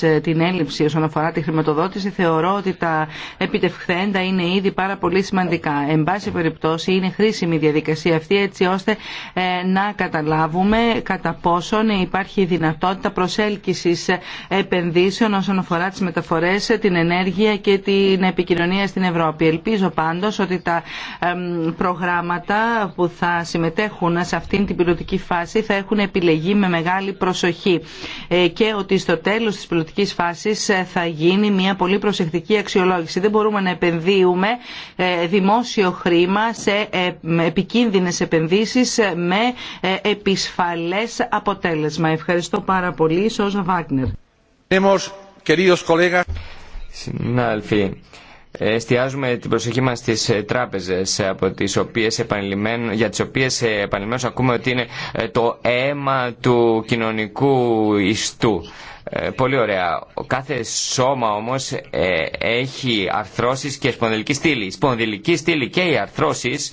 Speaker 3: ε, την έλλειψη όσον αφορά τη χρηματοδότηση θεωρώ ότι τα επιτευχθέντα είναι ήδη πάρα πολύ σημαντικά. Εν πάση περιπτώσει είναι χρήσιμη η διαδικασία αυτή έτσι ώστε ε, να καταλάβουμε κατά πόσον υπάρχει δυνατότητα προσέλκυσης ε, επενδύσεων όσον αφορά τις μεταφορές, την ενέργεια και την επικοινωνία στην Ευρώπη. Ελπίζω πάντως ότι τα προγράμματα που θα συμμετέχουν σε αυτήν την πιλωτική φάση θα έχουν επιλεγεί με μεγάλη προσοχή και ότι στο τέλος της πιλωτική φάσης ε, θα γίνει μια πολύ προσεκτική αξιολόγηση. Δεν μπορούμε να επενδύουμε ε, δημόσιο χρήμα σε ε, επικίνδυνες επενδύσεις με επισφαλές αποτέλεσμα. Ευχαριστώ πάρα πολύ. Σόζα Βάγκνερ.
Speaker 2: Συνάδελφοι, εστιάζουμε την προσοχή μας στις ε, τράπεζες ε, από τις οποίες για τις οποίες ε, επανειλημμένως ακούμε ότι είναι το αίμα του κοινωνικού ιστού. πολύ ωραία. Κάθε σώμα όμως έχει αρθρώσεις και σπονδυλική στήλη. σπονδυλική στήλη και οι αρθρώσεις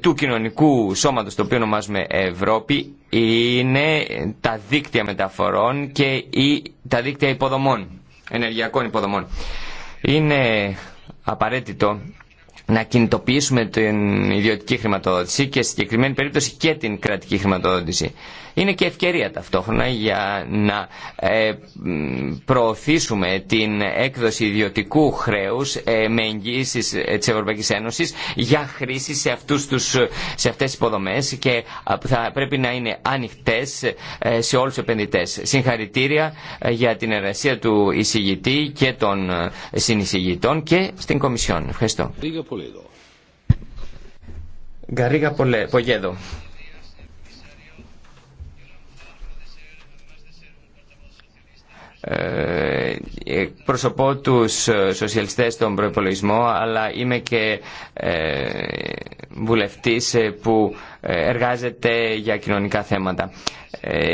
Speaker 2: του κοινωνικού σώματος το οποίο ονομάζουμε Ευρώπη είναι τα δίκτυα μεταφορών και τα δίκτυα υποδομών, ενεργειακών υποδομών. Είναι απαραίτητο να κινητοποιήσουμε την ιδιωτική χρηματοδότηση και στην συγκεκριμένη περίπτωση και την κρατική χρηματοδότηση. Είναι και ευκαιρία ταυτόχρονα για να ε, προωθήσουμε την έκδοση ιδιωτικού χρέους ε, με εγγύηση ε, της Ευρωπαϊκής Ένωσης για χρήση σε, αυτούς τους, σε αυτές τις υποδομές και θα πρέπει να είναι ανοιχτές σε όλους τους επενδυτές. Συγχαρητήρια για την εργασία του εισηγητή και των συνεισηγητών και στην Κομισιόν. Ευχαριστώ. Πολέδο. Γκαρίγα Πολέδο. Ε, προσωπώ τους ε, σοσιαλιστές στον προϋπολογισμό αλλά είμαι και ε, βουλευτής ε, που ε, εργάζεται για κοινωνικά θέματα.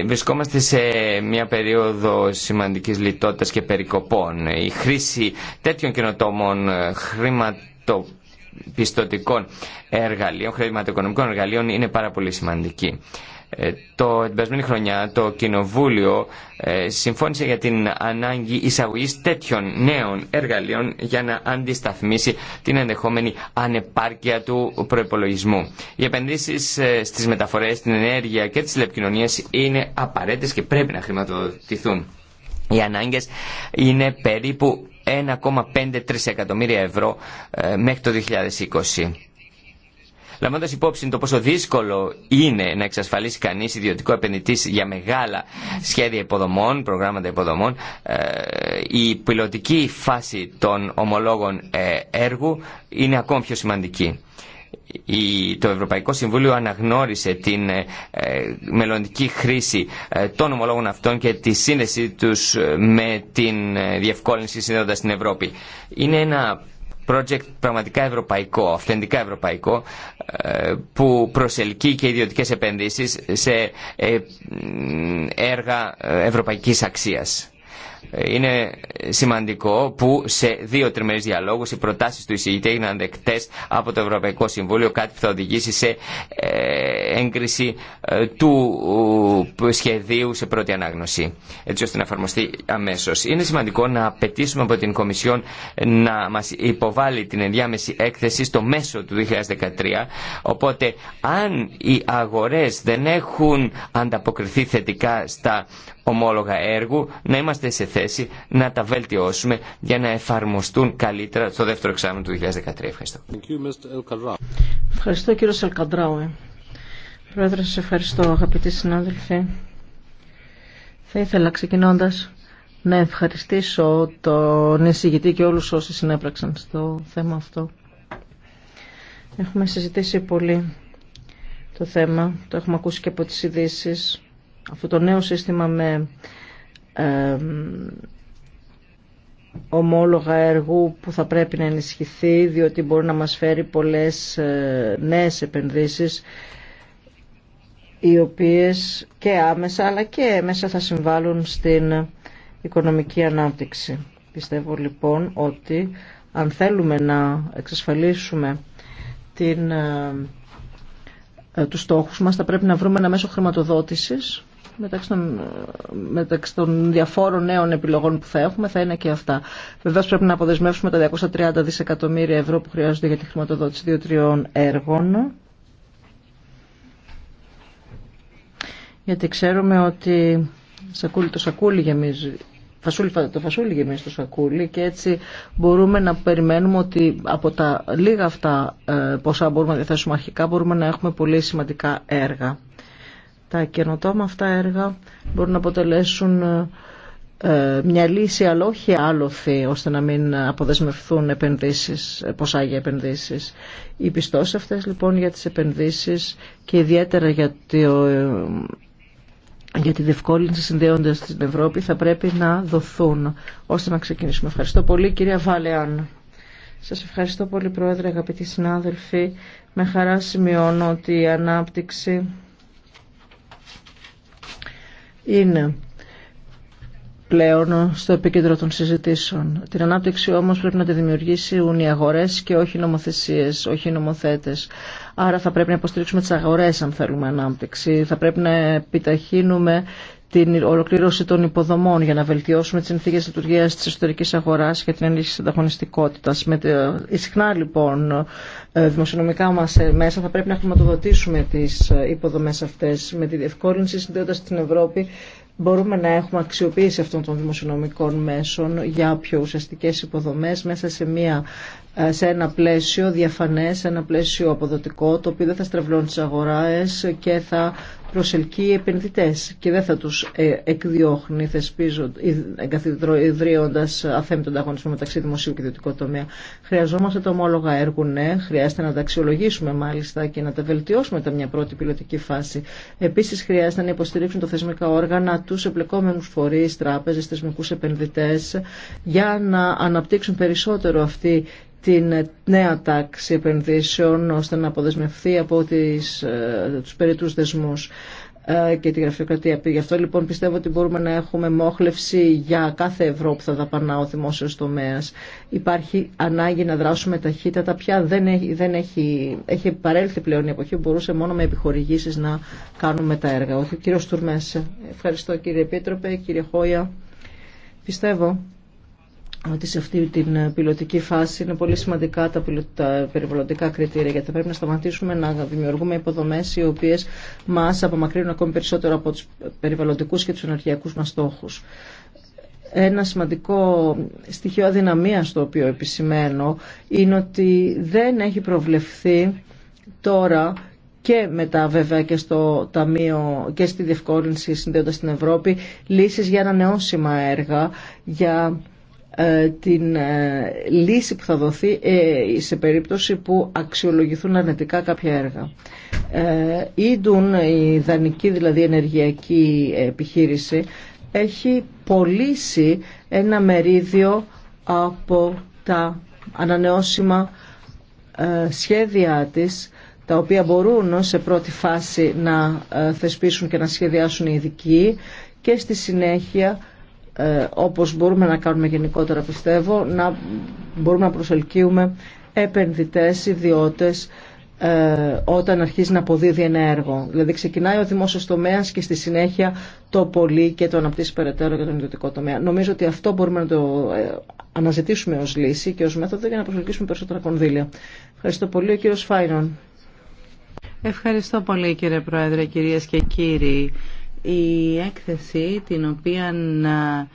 Speaker 2: βρισκόμαστε σε μια περίοδο σημαντικής λιτότητας και περικοπών. Η χρήση τέτοιων κοινοτόμων χρήματο πιστοτικών εργαλείων, χρηματοοικονομικών εργαλείων είναι πάρα πολύ σημαντική. Ε, το, την χρονιά το Κοινοβούλιο ε, συμφώνησε για την ανάγκη εισαγωγή τέτοιων νέων εργαλείων για να αντισταθμίσει την ενδεχόμενη ανεπάρκεια του προπολογισμού. Οι επενδύσει ε, στι μεταφορέ, την ενέργεια και τι τηλεπικοινωνίε είναι απαραίτητε και πρέπει να χρηματοδοτηθούν. Οι ανάγκε είναι περίπου 1,5 τρισεκατομμύρια ευρώ ε, μέχρι το 2020. Λαμβάνοντα υπόψη το πόσο δύσκολο είναι να εξασφαλίσει κανεί ιδιωτικό επενδυτή για μεγάλα σχέδια υποδομών, προγράμματα υποδομών, ε, η πιλωτική φάση των ομολόγων ε, έργου είναι ακόμη πιο σημαντική το Ευρωπαϊκό Συμβούλιο αναγνώρισε την ε, ε, μελλοντική χρήση ε, των ομολόγων αυτών και τη σύνδεσή τους με την διευκόλυνση συνδέοντας την Ευρώπη. Είναι ένα project πραγματικά ευρωπαϊκό, αυθεντικά ευρωπαϊκό, που προσελκύει και ιδιωτικές επενδύσεις σε έργα ευρωπαϊκής αξίας. Είναι σημαντικό που σε δύο τριμερείς διαλόγους οι προτάσεις του εισηγητή έγιναν δεκτές από το Ευρωπαϊκό Συμβούλιο, κάτι που θα οδηγήσει σε ε, έγκριση ε, του ε, σχεδίου σε πρώτη ανάγνωση, έτσι ώστε να εφαρμοστεί αμέσως. Είναι σημαντικό να απαιτήσουμε από την Κομισιόν να μας υποβάλει την ενδιάμεση έκθεση στο μέσο του 2013, οπότε αν οι αγορές δεν έχουν ανταποκριθεί θετικά στα ομόλογα έργου να είμαστε σε θέση να τα βελτιώσουμε για να εφαρμοστούν καλύτερα στο δεύτερο εξάμεινο του 2013. Ευχαριστώ.
Speaker 1: Ευχαριστώ κύριο Σαλκαντράουε. Πρόεδρε, ευχαριστώ αγαπητοί συνάδελφοι. Θα ήθελα ξεκινώντας να ευχαριστήσω τον εισηγητή και όλους όσοι συνέπραξαν στο θέμα αυτό. Έχουμε συζητήσει πολύ το θέμα, το έχουμε ακούσει και από τις ειδήσει αυτό το νέο σύστημα με ομόλογα έργου που θα πρέπει να ενισχυθεί διότι μπορεί να μας φέρει πολλές ε, νέες επενδύσεις οι οποίες και άμεσα αλλά και μέσα θα συμβάλλουν στην οικονομική ανάπτυξη. Πιστεύω λοιπόν ότι αν θέλουμε να εξασφαλίσουμε την, ε, ε τους στόχους μας θα πρέπει να βρούμε ένα μέσο χρηματοδότησης μεταξύ των, διαφόρων νέων επιλογών που θα έχουμε θα είναι και αυτά. Βεβαίως πρέπει να αποδεσμεύσουμε τα 230 δισεκατομμύρια ευρώ που χρειάζονται για τη χρηματοδότηση δύο-τριών έργων. Γιατί ξέρουμε ότι σακούλι το σακούλι γεμίζει φασούλι, το φασούλι γεμίζει το σακούλι και έτσι μπορούμε να περιμένουμε ότι από τα λίγα αυτά ε, ποσά μπορούμε να διαθέσουμε αρχικά μπορούμε να έχουμε πολύ σημαντικά έργα. Τα καινοτόμα αυτά έργα μπορούν να αποτελέσουν ε, μια λύση αλλά όχι άλοθη ώστε να μην αποδεσμευθούν επενδύσεις, ποσά για επενδύσεις. Οι πιστώσεις αυτές λοιπόν για τις επενδύσεις και ιδιαίτερα για, ε, για τη διευκόλυνση συνδέοντας στην Ευρώπη θα πρέπει να δοθούν ώστε να ξεκινήσουμε. Ευχαριστώ πολύ κυρία Βάλεαν. Σας ευχαριστώ πολύ Πρόεδρε, αγαπητοί συνάδελφοι. Με χαρά σημειώνω ότι η ανάπτυξη είναι πλέον στο επίκεντρο των συζητήσεων. Την ανάπτυξη όμως πρέπει να τη δημιουργήσουν οι αγορές και όχι οι νομοθεσίες, όχι οι νομοθέτες. Άρα θα πρέπει να υποστηρίξουμε τις αγορές αν θέλουμε ανάπτυξη. Θα πρέπει να επιταχύνουμε την ολοκλήρωση των υποδομών για να βελτιώσουμε τις συνθήκες λειτουργίας της εσωτερικής αγοράς και την ενίσχυση ανταγωνιστικότητας. συχνά λοιπόν ε, δημοσιονομικά μας ε, μέσα θα πρέπει να χρηματοδοτήσουμε τις ε, υποδομές αυτές. Με τη διευκόλυνση συνδέοντας την Ευρώπη μπορούμε να έχουμε αξιοποίηση αυτών των δημοσιονομικών μέσων για πιο ουσιαστικές υποδομές μέσα σε, μια, σε ένα πλαίσιο διαφανές, σε ένα πλαίσιο αποδοτικό το οποίο δεν θα στρεβλώνει τις αγοράες και θα προσελκύει επενδυτές και δεν θα τους ε, εκδιώχνει ιδρύοντας αθέμητο ανταγωνισμό μεταξύ δημοσίου και ιδιωτικού τομέα. Χρειαζόμαστε το ομόλογα έργου, ναι, χρειάζεται να τα αξιολογήσουμε μάλιστα και να τα βελτιώσουμε τα μια πρώτη πιλωτική φάση. Επίσης χρειάζεται να υποστηρίξουν το θεσμικά όργανα, τους εμπλεκόμενους φορείς, τράπεζες, θεσμικούς επενδυτές για να αναπτύξουν περισσότερο αυτή την νέα τάξη επενδύσεων ώστε να αποδεσμευθεί από τις, ε, τους περιττούς δεσμούς ε, και τη γραφειοκρατία. Γι' αυτό λοιπόν πιστεύω ότι μπορούμε να έχουμε μόχλευση για κάθε ευρώ που θα δαπανά ο δημόσιο τομέα. Υπάρχει ανάγκη να δράσουμε ταχύτατα. Πια δεν έχει, δεν έχει, έχει παρέλθει πλέον η εποχή που μπορούσε μόνο με επιχορηγήσει να κάνουμε τα έργα. Ο κύριο Τουρμέ. Ευχαριστώ κύριε Επίτροπε, κύριε Χόια. Πιστεύω ότι σε αυτή την ε, πιλωτική φάση είναι πολύ σημαντικά τα, περιβαλλοντικά κριτήρια γιατί θα πρέπει να σταματήσουμε να δημιουργούμε υποδομές οι οποίες μας απομακρύνουν ακόμη περισσότερο από τους περιβαλλοντικούς και τους ενεργειακούς μας στόχους ένα σημαντικό στοιχείο αδυναμίας το οποίο επισημαίνω είναι ότι δεν έχει προβλεφθεί τώρα και μετά βέβαια και στο Ταμείο και στη Διευκόλυνση συνδέοντας την Ευρώπη λύσεις για ανανεώσιμα έργα, για ε, την ε, λύση που θα δοθεί ε, σε περίπτωση που αξιολογηθούν αρνητικά κάποια έργα. Η η δανική δηλαδή ενεργειακή επιχείρηση, έχει πωλήσει ένα μερίδιο από τα ανανεώσιμα σχέδιά της τα οποία μπορούν σε πρώτη φάση να θεσπίσουν και να σχεδιάσουν οι ειδικοί και στη συνέχεια ε, όπως μπορούμε να κάνουμε γενικότερα πιστεύω, να μπορούμε να προσελκύουμε επενδυτές, ιδιώτες, ε, όταν αρχίζει να αποδίδει ένα έργο. Δηλαδή ξεκινάει ο δημόσιο τομέα και στη συνέχεια το πολύ και το αναπτύσσει περαιτέρω για τον ιδιωτικό τομέα. Νομίζω ότι αυτό μπορούμε να το ε, αναζητήσουμε ω λύση και ω μέθοδο για να προσελκύσουμε περισσότερα κονδύλια. Ευχαριστώ πολύ, ο κύριο
Speaker 3: Ευχαριστώ πολύ κύριε Πρόεδρε, κυρίες και κύριοι. Η έκθεση την οποία ε,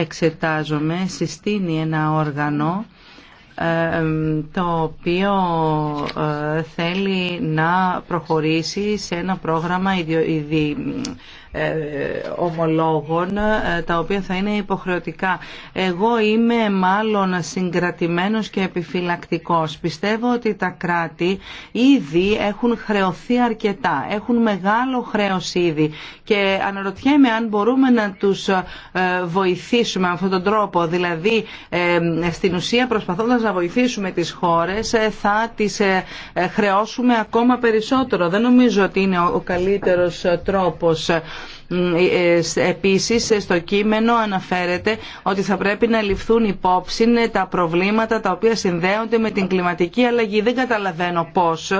Speaker 3: εξετάζομαι συστήνει ένα όργανο ε, το οποίο ε, θέλει να προχωρήσει σε ένα πρόγραμμα ε, ομολόγων ε, τα οποία θα είναι υποχρεωτικά. Εγώ είμαι μάλλον συγκρατημένος και επιφυλακτικός. Πιστεύω ότι τα κράτη ήδη έχουν χρεωθεί αρκετά. Έχουν μεγάλο χρέος ήδη και αναρωτιέμαι αν μπορούμε να τους ε, βοηθήσουμε με αυτόν τον τρόπο. Δηλαδή στην ουσία προσπαθώντας να βοηθήσουμε τις χώρες θα τις χρεώσουμε ακόμα περισσότερο. Δεν νομίζω ότι είναι ο καλύτερος τρόπος ε, ε, επίσης στο κείμενο αναφέρεται ότι θα πρέπει να ληφθούν υπόψη ε, τα προβλήματα τα οποία συνδέονται με την κλιματική αλλαγή. Δεν καταλαβαίνω πώς,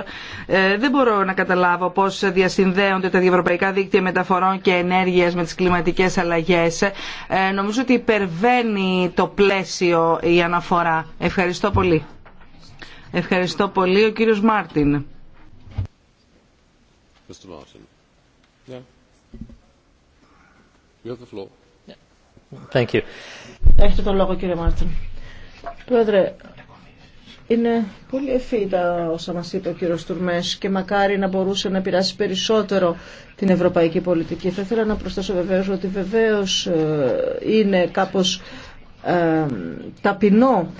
Speaker 3: δεν μπορώ να καταλάβω πώς διασυνδέονται τα διευρωπαϊκά δίκτυα μεταφορών και ενέργειας με τις κλιματικές αλλαγές. Νομίζω ότι υπερβαίνει το πλαίσιο η αναφορά. Ευχαριστώ πολύ. Ευχαριστώ πολύ ο κύριος Μάρτιν.
Speaker 4: Έχετε
Speaker 1: τον λόγο κύριε Μάρτιν. Πρόεδρε, είναι πολύ ευφύητα όσα μας είπε ο κύριος Τουρμές και μακάρι να μπορούσε να πειράσει περισσότερο την ευρωπαϊκή πολιτική. Θα ήθελα να προσθέσω βεβαίως ότι βεβαίως ε, είναι κάπως ε, ταπεινό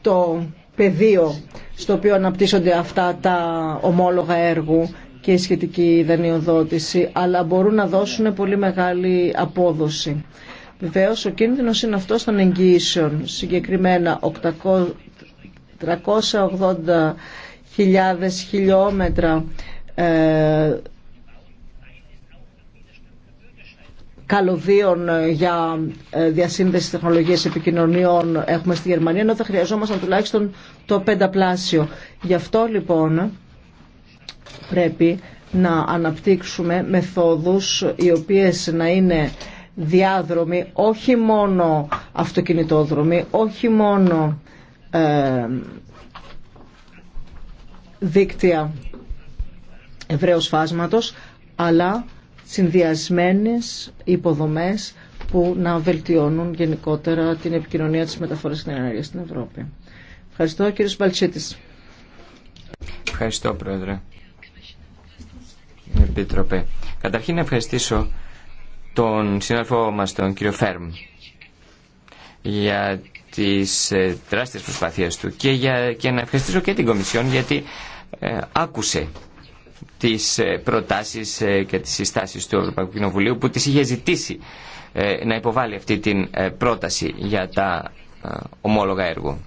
Speaker 1: το πεδίο στο οποίο αναπτύσσονται αυτά τα ομόλογα έργου και η σχετική δανειοδότηση, αλλά μπορούν να δώσουν πολύ μεγάλη απόδοση. Βεβαίω, ο κίνδυνος είναι αυτός των εγγύησεων. Συγκεκριμένα, 380.000 χιλιόμετρα ε, καλωδίων για ε, διασύνδεση τεχνολογία επικοινωνιών έχουμε στη Γερμανία, ενώ θα χρειαζόμασταν τουλάχιστον το πενταπλάσιο. Γι' αυτό λοιπόν πρέπει να αναπτύξουμε μεθόδους οι οποίες να είναι διάδρομοι, όχι μόνο αυτοκινητόδρομοι, όχι μόνο ε, δίκτυα ευρέως φάσματος, αλλά συνδυασμένες υποδομές που να βελτιώνουν γενικότερα την επικοινωνία της μεταφοράς και την ενέργεια στην Ευρώπη. Ευχαριστώ κύριε Μπαλτσίτης.
Speaker 2: Ευχαριστώ Πρόεδρε. Επίτροπε. Καταρχήν να ευχαριστήσω τον συνάδελφό μας, τον κύριο Φέρμ, για τις τεράστιες προσπάθειες του και, για, και να ευχαριστήσω και την Κομισιόν γιατί ε, άκουσε τις ε, προτάσεις ε, και τις συστάσεις του Ευρωπαϊκού Κοινοβουλίου που τις είχε ζητήσει να υποβάλει αυτή την πρόταση για τα ομόλογα έργο.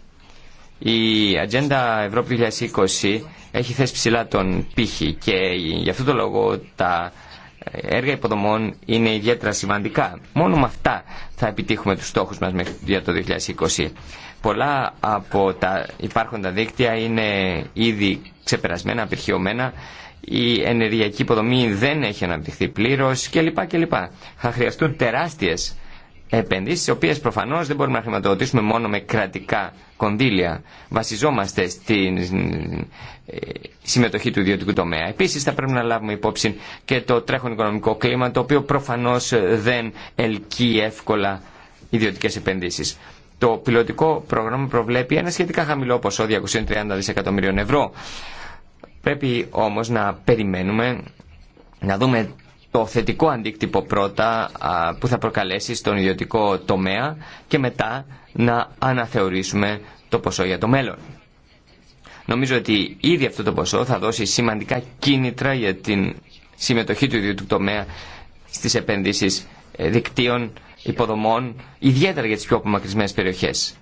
Speaker 2: Η Ατζέντα Ευρώπη 2020 έχει θέσει ψηλά τον πύχη και γι' αυτό το λόγο τα έργα υποδομών είναι ιδιαίτερα σημαντικά. Μόνο με αυτά θα επιτύχουμε τους στόχους μας για το 2020. Πολλά από τα υπάρχοντα δίκτυα είναι ήδη ξεπερασμένα, απερχιωμένα. Η ενεργειακή υποδομή δεν έχει αναπτυχθεί πλήρως κλπ. κλπ. Θα χρειαστούν τεράστιες επενδύσεις, οποίες προφανώς δεν μπορούμε να χρηματοδοτήσουμε μόνο με κρατικά κονδύλια. Βασιζόμαστε στη ε, συμμετοχή του ιδιωτικού τομέα. Επίσης θα πρέπει να λάβουμε υπόψη και το τρέχον οικονομικό κλίμα, το οποίο προφανώς δεν ελκύει εύκολα ιδιωτικές επενδύσεις. Το πιλωτικό πρόγραμμα προβλέπει ένα σχετικά χαμηλό ποσό 230 δισεκατομμυρίων ευρώ. Πρέπει όμως να περιμένουμε να δούμε το θετικό αντίκτυπο πρώτα που θα προκαλέσει στον ιδιωτικό τομέα και μετά να αναθεωρήσουμε το ποσό για το μέλλον. Νομίζω ότι ήδη αυτό το ποσό θα δώσει σημαντικά κίνητρα για την συμμετοχή του ιδιωτικού τομέα στις επενδύσεις ε, δικτύων υποδομών, ιδιαίτερα για τις πιο απομακρυσμένες περιοχές,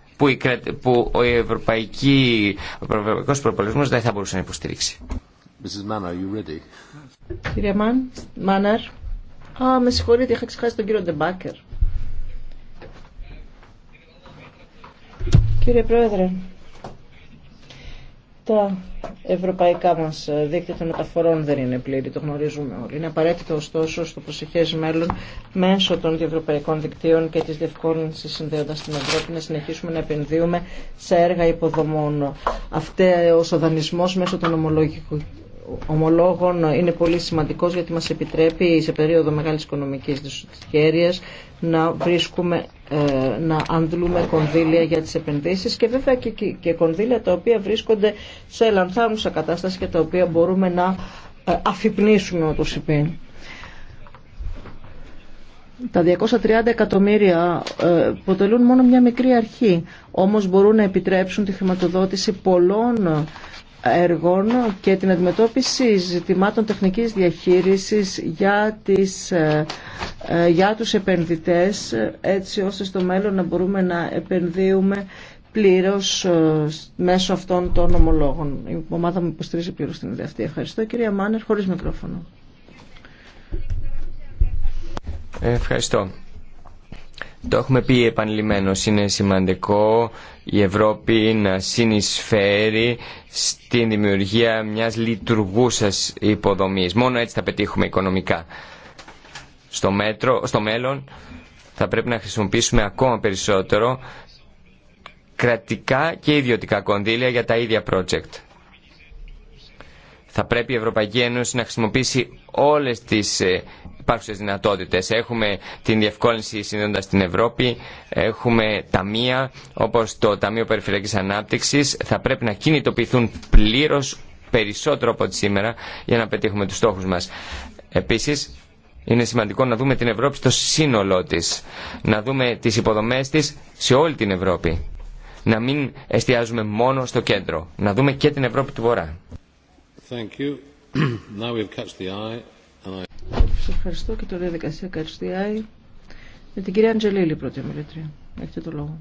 Speaker 2: που, ο ευρωπαϊκός προπολογισμός δεν θα μπορούσε να υποστηρίξει.
Speaker 1: Κύριε Μάν, Μάναρ. Α, με συγχωρείτε, είχα ξεχάσει τον κύριο Ντεμπάκερ. Κύριε Πρόεδρε, τα ευρωπαϊκά μας δίκτυα των μεταφορών δεν είναι πλήρη, το γνωρίζουμε όλοι. Είναι απαραίτητο ωστόσο στο προσεχές μέλλον μέσω των διευρωπαϊκών δικτύων και της διευκόλυνσης συνδέοντας την Ευρώπη να συνεχίσουμε να επενδύουμε σε έργα υποδομών. Αυτέ ο δανεισμός μέσω των ομολογικών ομολόγων είναι πολύ σημαντικός γιατί μας επιτρέπει σε περίοδο μεγάλης οικονομικής δυσχέρειας να βρίσκουμε, ε, να αντλούμε κονδύλια για τις επενδύσεις και βέβαια και, κονδύλια τα οποία βρίσκονται σε ελανθάνουσα κατάσταση και τα οποία μπορούμε να ε, αφυπνίσουμε όπω είπε. Τα 230 εκατομμύρια ε, αποτελούν μόνο μια μικρή αρχή, όμως μπορούν να επιτρέψουν τη χρηματοδότηση πολλών έργων και την αντιμετώπιση ζητημάτων τεχνικής διαχείρισης για, τις, ε, ε, για τους επενδυτές έτσι ώστε στο μέλλον να μπορούμε να επενδύουμε πλήρως ε, μέσω αυτών των ομολόγων. Η ομάδα μου υποστηρίζει πλήρως την ιδέα αυτή. Ευχαριστώ κυρία Μάνερ, χωρίς μικρόφωνο.
Speaker 2: Ευχαριστώ. Το έχουμε πει επανειλημμένως, είναι σημαντικό η Ευρώπη να συνεισφέρει στην δημιουργία μιας λειτουργούσας υποδομής. Μόνο έτσι θα πετύχουμε οικονομικά. Στο, μέτρο, στο μέλλον θα πρέπει να χρησιμοποιήσουμε ακόμα περισσότερο κρατικά και ιδιωτικά κονδύλια για τα ίδια project. Θα πρέπει η Ευρωπαϊκή Ένωση να χρησιμοποιήσει όλες τις ε, υπάρχουσες δυνατότητες. Έχουμε την διευκόλυνση συνδέοντας την Ευρώπη, έχουμε ταμεία όπως το Ταμείο Περιφερειακής Ανάπτυξης. Θα πρέπει να κινητοποιηθούν πλήρω περισσότερο από σήμερα για να πετύχουμε τους στόχους μας. Επίσης, είναι σημαντικό να δούμε την Ευρώπη στο σύνολό της, να δούμε τις υποδομές της σε όλη την Ευρώπη. Να μην εστιάζουμε μόνο στο κέντρο, να δούμε και την Ευρώπη του Βορρά. Thank you. [CLEARS THROAT] Now we've
Speaker 1: Σα ευχαριστώ και τώρα διαδικασία Καριστιάη με την κυρία Αντζελίλη πρώτη
Speaker 4: ομιλήτρια. Έχετε το λόγο.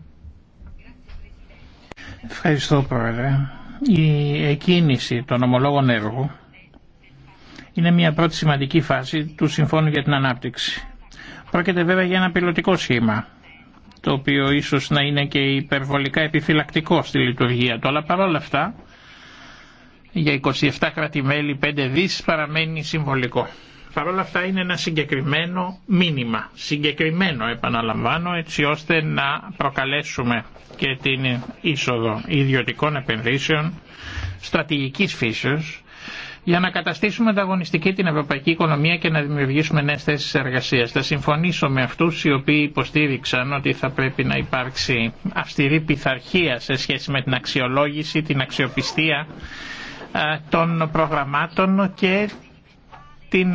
Speaker 4: Ευχαριστώ Πρόεδρε. Η εκκίνηση των ομολόγων έργου είναι μια πρώτη σημαντική φάση του Συμφώνου για την Ανάπτυξη. Πρόκειται βέβαια για ένα πιλωτικό σχήμα, το οποίο ίσως να είναι και υπερβολικά επιφυλακτικό στη λειτουργία του, αλλά παρόλα αυτά για 27 κράτη-μέλη 5 δις παραμένει συμβολικό. Παρ' όλα αυτά είναι ένα συγκεκριμένο μήνυμα, συγκεκριμένο επαναλαμβάνω έτσι ώστε να προκαλέσουμε και την είσοδο ιδιωτικών επενδύσεων στρατηγικής φύσεως για να καταστήσουμε ανταγωνιστική την ευρωπαϊκή οικονομία και να δημιουργήσουμε νέες θέσεις εργασίας. Θα συμφωνήσω με αυτούς οι οποίοι υποστήριξαν ότι θα πρέπει να υπάρξει αυστηρή πειθαρχία σε σχέση με την αξιολόγηση, την αξιοπιστία των προγραμμάτων και την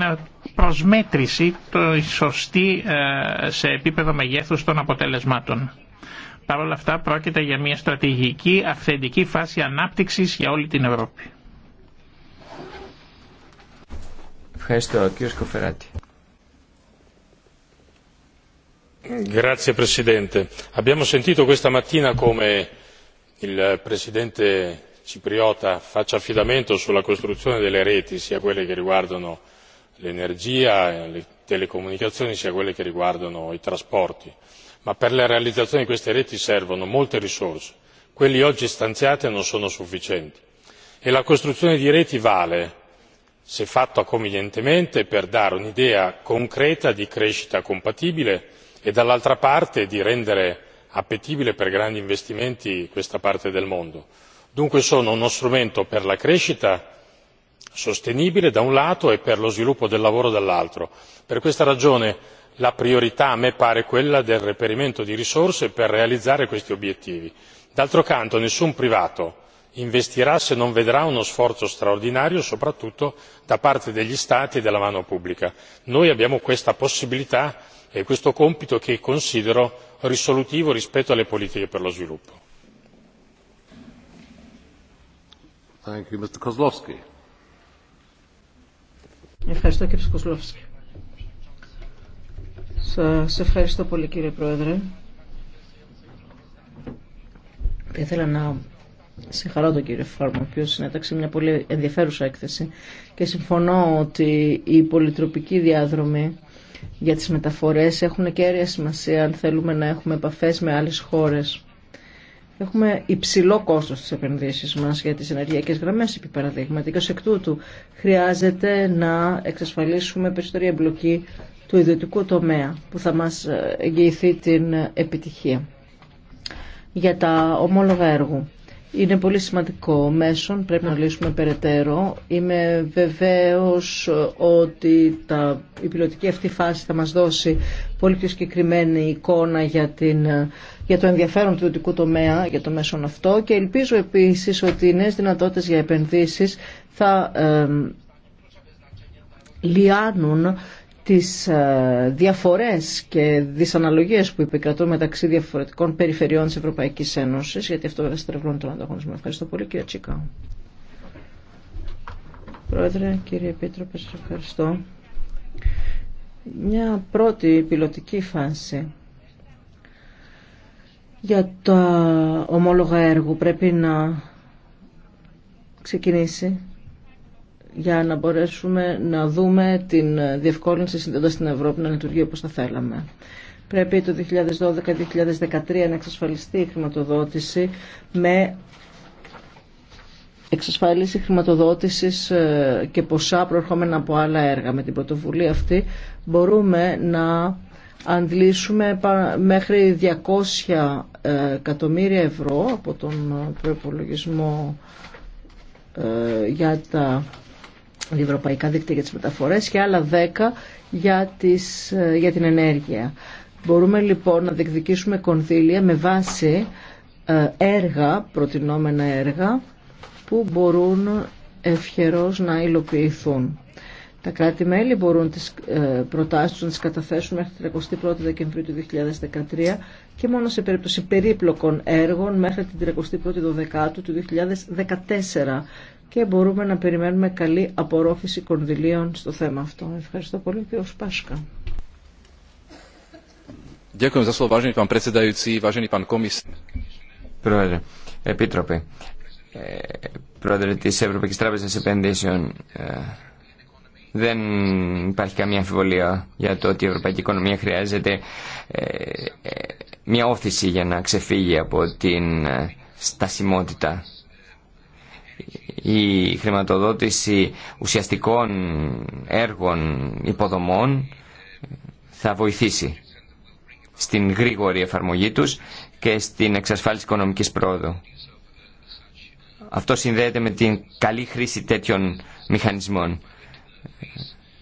Speaker 4: προσμέτρηση το σωστή ε, σε επίπεδο μεγέθους των αποτελεσμάτων. Παρ' όλα αυτά πρόκειται για μια στρατηγική αυθεντική φάση ανάπτυξης για όλη την Ευρώπη.
Speaker 2: Ευχαριστώ. Κύριο Σκοφεράτη.
Speaker 4: Grazie
Speaker 5: Presidente. Abbiamo sentito questa mattina come il Presidente cipriota faccia affidamento sulla costruzione delle reti, sia quelle che riguardano l'energia le telecomunicazioni sia quelle che riguardano i trasporti ma per la realizzazione di queste reti servono molte risorse quelle oggi stanziate non sono sufficienti e la costruzione di reti vale se fatta convenientemente per dare un'idea concreta di crescita compatibile e dall'altra parte di rendere appetibile per grandi investimenti questa parte del mondo. dunque sono uno strumento per la crescita sostenibile da un lato e per lo sviluppo del lavoro dall'altro. per questa ragione la priorità a me pare quella del reperimento di risorse per realizzare questi obiettivi. d'altro canto nessun privato investirà se non vedrà uno sforzo straordinario soprattutto da parte degli stati e della mano pubblica. noi abbiamo questa possibilità e questo compito che considero risolutivo rispetto alle politiche per lo sviluppo.
Speaker 1: Ευχαριστώ κύριε Σκοσλόφσκι. Σας ευχαριστώ πολύ κύριε Πρόεδρε. Θα ήθελα να συγχαρώ τον κύριο Φάρμα, ο οποίο συνέταξε μια πολύ ενδιαφέρουσα έκθεση και συμφωνώ ότι οι πολυτροπικοί διάδρομοι για τις μεταφορές έχουν κέρια σημασία αν θέλουμε να έχουμε επαφές με άλλες χώρες. Έχουμε υψηλό κόστο στι επενδύσει μα για τι ενεργειακέ γραμμέ, επί παραδείγματο. Και ω εκ τούτου χρειάζεται να εξασφαλίσουμε περισσότερη εμπλοκή του ιδιωτικού τομέα που θα μα ε, εγγυηθεί την επιτυχία. Για τα ομόλογα έργου. Είναι πολύ σημαντικό μέσον, πρέπει να λύσουμε περαιτέρω. Είμαι βεβαίως ε, ότι τα, η πιλωτική αυτή φάση θα μας δώσει πολύ πιο συγκεκριμένη εικόνα για την ε, για το ενδιαφέρον του ιδιωτικού τομέα για το μέσον αυτό και ελπίζω επίσης ότι οι νέες δυνατότητες για επενδύσεις θα λιάνουν τις ε, διαφορές και δυσαναλογίες που επικρατούν μεταξύ διαφορετικών περιφερειών της Ευρωπαϊκής Ένωσης, γιατί αυτό βέβαια στρεβλώνει τον ανταγωνισμό. Ευχαριστώ πολύ κύριε Τσίκα. Πρόεδρε, κύριε Επίτροπε, σας ευχαριστώ. Μια πρώτη πιλωτική φάση για τα ομόλογα έργου πρέπει να ξεκινήσει για να μπορέσουμε να δούμε την διευκόλυνση συνδέοντας στην Ευρώπη να λειτουργεί όπως θα θέλαμε. Πρέπει το 2012-2013 να εξασφαλιστεί η χρηματοδότηση με εξασφάλιση χρηματοδότησης ε, και ποσά προερχόμενα από άλλα έργα. Με την πρωτοβουλία αυτή μπορούμε να αντλήσουμε μέχρι 200 ε, εκατομμύρια ευρώ από τον ε, προπολογισμό ε, για τα ευρωπαϊκά δίκτυα για τις μεταφορές και άλλα 10 για, τις, για την ενέργεια. Μπορούμε λοιπόν να διεκδικήσουμε κονδύλια με βάση έργα, προτινόμενα έργα, που μπορούν ευχερός να υλοποιηθούν. Τα κράτη-μέλη μπορούν τις ε, προτάσεις να τις καταθέσουν μέχρι την 31 Δεκεμβρίου του 2013 και μόνο σε περίπτωση περίπλοκων έργων μέχρι την 31 Δεκεμβρίου του 2014 και μπορούμε να περιμένουμε καλή απορρόφηση κονδυλίων στο θέμα αυτό. Ευχαριστώ πολύ και ως Πάσκα.
Speaker 2: Πρόεδρε, Επίτροπε, ε, Πρόεδρε της Ευρωπαϊκής Τράπεζας Επενδύσεων, ε, δεν υπάρχει καμία αμφιβολία για το ότι η ευρωπαϊκή οικονομία χρειάζεται ε, ε, μια όθηση για να ξεφύγει από την ε, στασιμότητα. Η χρηματοδότηση ουσιαστικών έργων υποδομών θα βοηθήσει στην γρήγορη εφαρμογή τους και στην εξασφάλιση οικονομικής πρόοδου. Αυτό συνδέεται με την καλή χρήση τέτοιων μηχανισμών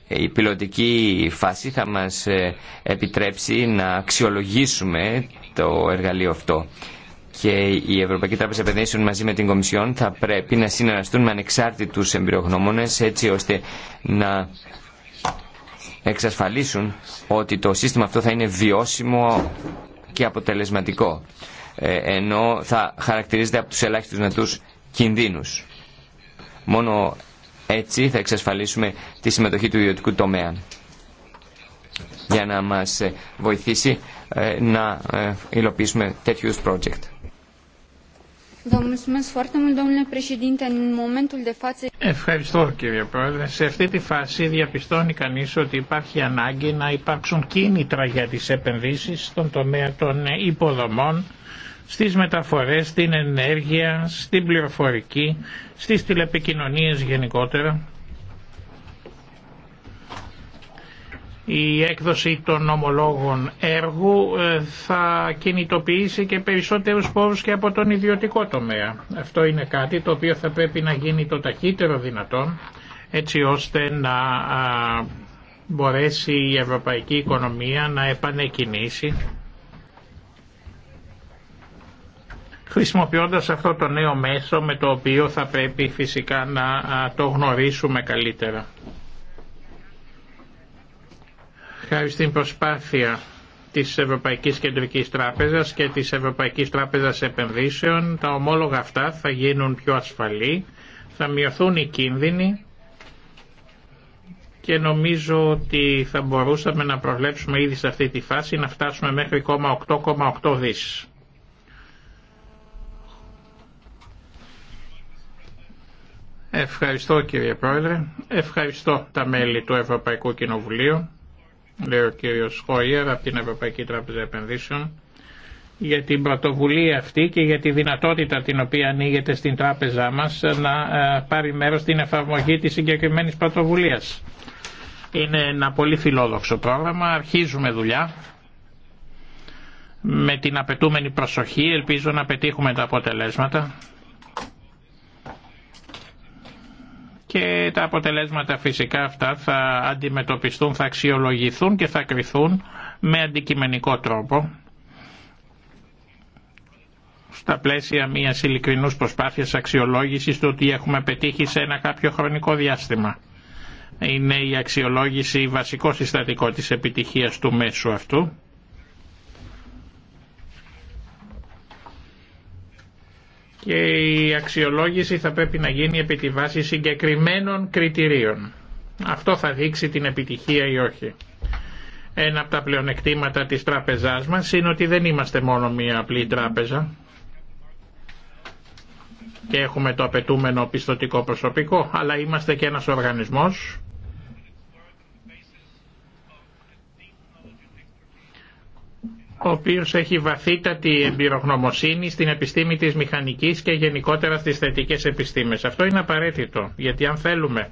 Speaker 2: η πιλωτική φάση θα μας ε, επιτρέψει να αξιολογήσουμε το εργαλείο αυτό. Και η Ευρωπαϊκή Τράπεζα Επενδύσεων μαζί με την Κομισιόν θα πρέπει να συνεργαστούν με ανεξάρτητους εμπειρογνώμονες έτσι ώστε να εξασφαλίσουν ότι το σύστημα αυτό θα είναι βιώσιμο και αποτελεσματικό ε, ενώ θα χαρακτηρίζεται από τους ελάχιστους νετούς κινδύνους. Μόνο έτσι θα εξασφαλίσουμε τη συμμετοχή του ιδιωτικού τομέα για να μας ε, βοηθήσει ε, να ε, υλοποιήσουμε τέτοιους project.
Speaker 4: Ευχαριστώ κύριε Πρόεδρε. Σε αυτή τη φάση διαπιστώνει κανείς ότι υπάρχει ανάγκη να υπάρξουν κίνητρα για τις επενδύσεις στον τομέα των υποδομών στις μεταφορές, στην ενέργεια, στην πληροφορική, στις τηλεπικοινωνίες γενικότερα. Η έκδοση των ομολόγων έργου ε, θα κινητοποιήσει και περισσότερους πόρους και από τον ιδιωτικό τομέα. Αυτό είναι κάτι το οποίο θα πρέπει να γίνει το ταχύτερο δυνατόν έτσι ώστε να μπορέσει η ευρωπαϊκή οικονομία να επανεκκινήσει χρησιμοποιώντας αυτό το νέο μέσο με το οποίο θα πρέπει φυσικά να το γνωρίσουμε καλύτερα. Χάρη στην προσπάθεια της Ευρωπαϊκής Κεντρικής Τράπεζας και της Ευρωπαϊκής Τράπεζας Επενδύσεων τα ομόλογα αυτά θα γίνουν πιο ασφαλή, θα μειωθούν οι κίνδυνοι και νομίζω ότι θα μπορούσαμε να προβλέψουμε ήδη σε αυτή τη φάση να φτάσουμε μέχρι 8,8 δις. Ευχαριστώ κύριε Πρόεδρε. Ευχαριστώ τα μέλη του Ευρωπαϊκού Κοινοβουλίου, λέει ο κύριος Χόιερ από την Ευρωπαϊκή Τράπεζα Επενδύσεων, για την πρωτοβουλία αυτή και για τη δυνατότητα την οποία ανοίγεται στην τράπεζά μας να ε, πάρει μέρος στην εφαρμογή της συγκεκριμένη πρωτοβουλία. Είναι ένα πολύ φιλόδοξο πρόγραμμα, αρχίζουμε δουλειά με την απαιτούμενη προσοχή, ελπίζω να πετύχουμε τα αποτελέσματα και τα αποτελέσματα φυσικά αυτά θα αντιμετωπιστούν, θα αξιολογηθούν και θα κριθούν με αντικειμενικό τρόπο στα πλαίσια μιας ειλικρινούς προσπάθειας αξιολόγησης του ότι έχουμε πετύχει σε ένα κάποιο χρονικό διάστημα. Είναι η αξιολόγηση βασικό συστατικό της επιτυχίας του μέσου αυτού και η αξιολόγηση θα πρέπει να γίνει επί τη βάση συγκεκριμένων κριτηρίων. Αυτό θα δείξει την επιτυχία ή όχι. Ένα από τα πλεονεκτήματα της τράπεζάς μας είναι ότι δεν είμαστε μόνο μία απλή τράπεζα και έχουμε το απαιτούμενο πιστοτικό προσωπικό, αλλά είμαστε και ένας οργανισμός ο οποίος έχει βαθύτατη εμπειρογνωμοσύνη στην επιστήμη της μηχανικής και γενικότερα στις θετικές επιστήμες. Αυτό είναι απαραίτητο, γιατί αν θέλουμε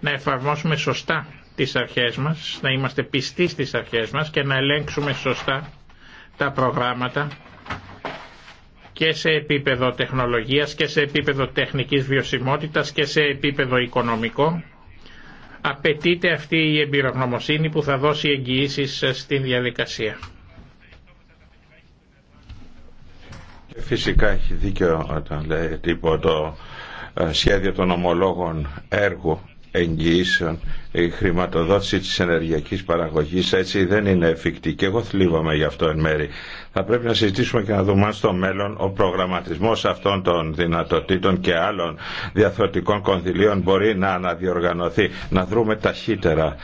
Speaker 4: να εφαρμόσουμε σωστά τις αρχές μας, να είμαστε πιστοί στις αρχές μας και να ελέγξουμε σωστά τα προγράμματα και σε επίπεδο τεχνολογίας και σε επίπεδο τεχνικής βιωσιμότητας και σε επίπεδο οικονομικό, απαιτείται αυτή η εμπειρογνωμοσύνη που θα δώσει εγγυήσεις στην διαδικασία.
Speaker 6: Φυσικά έχει δίκιο όταν λέει το ε, σχέδιο των ομολόγων έργου εγγυήσεων η χρηματοδότηση της ενεργειακής παραγωγής έτσι δεν είναι εφικτή και εγώ θλίβομαι γι' αυτό εν μέρη. Θα πρέπει να συζητήσουμε και να δούμε αν στο μέλλον ο προγραμματισμός αυτών των δυνατοτήτων και άλλων διαθροτικών κονδυλίων μπορεί να αναδιοργανωθεί, να δρούμε ταχύτερα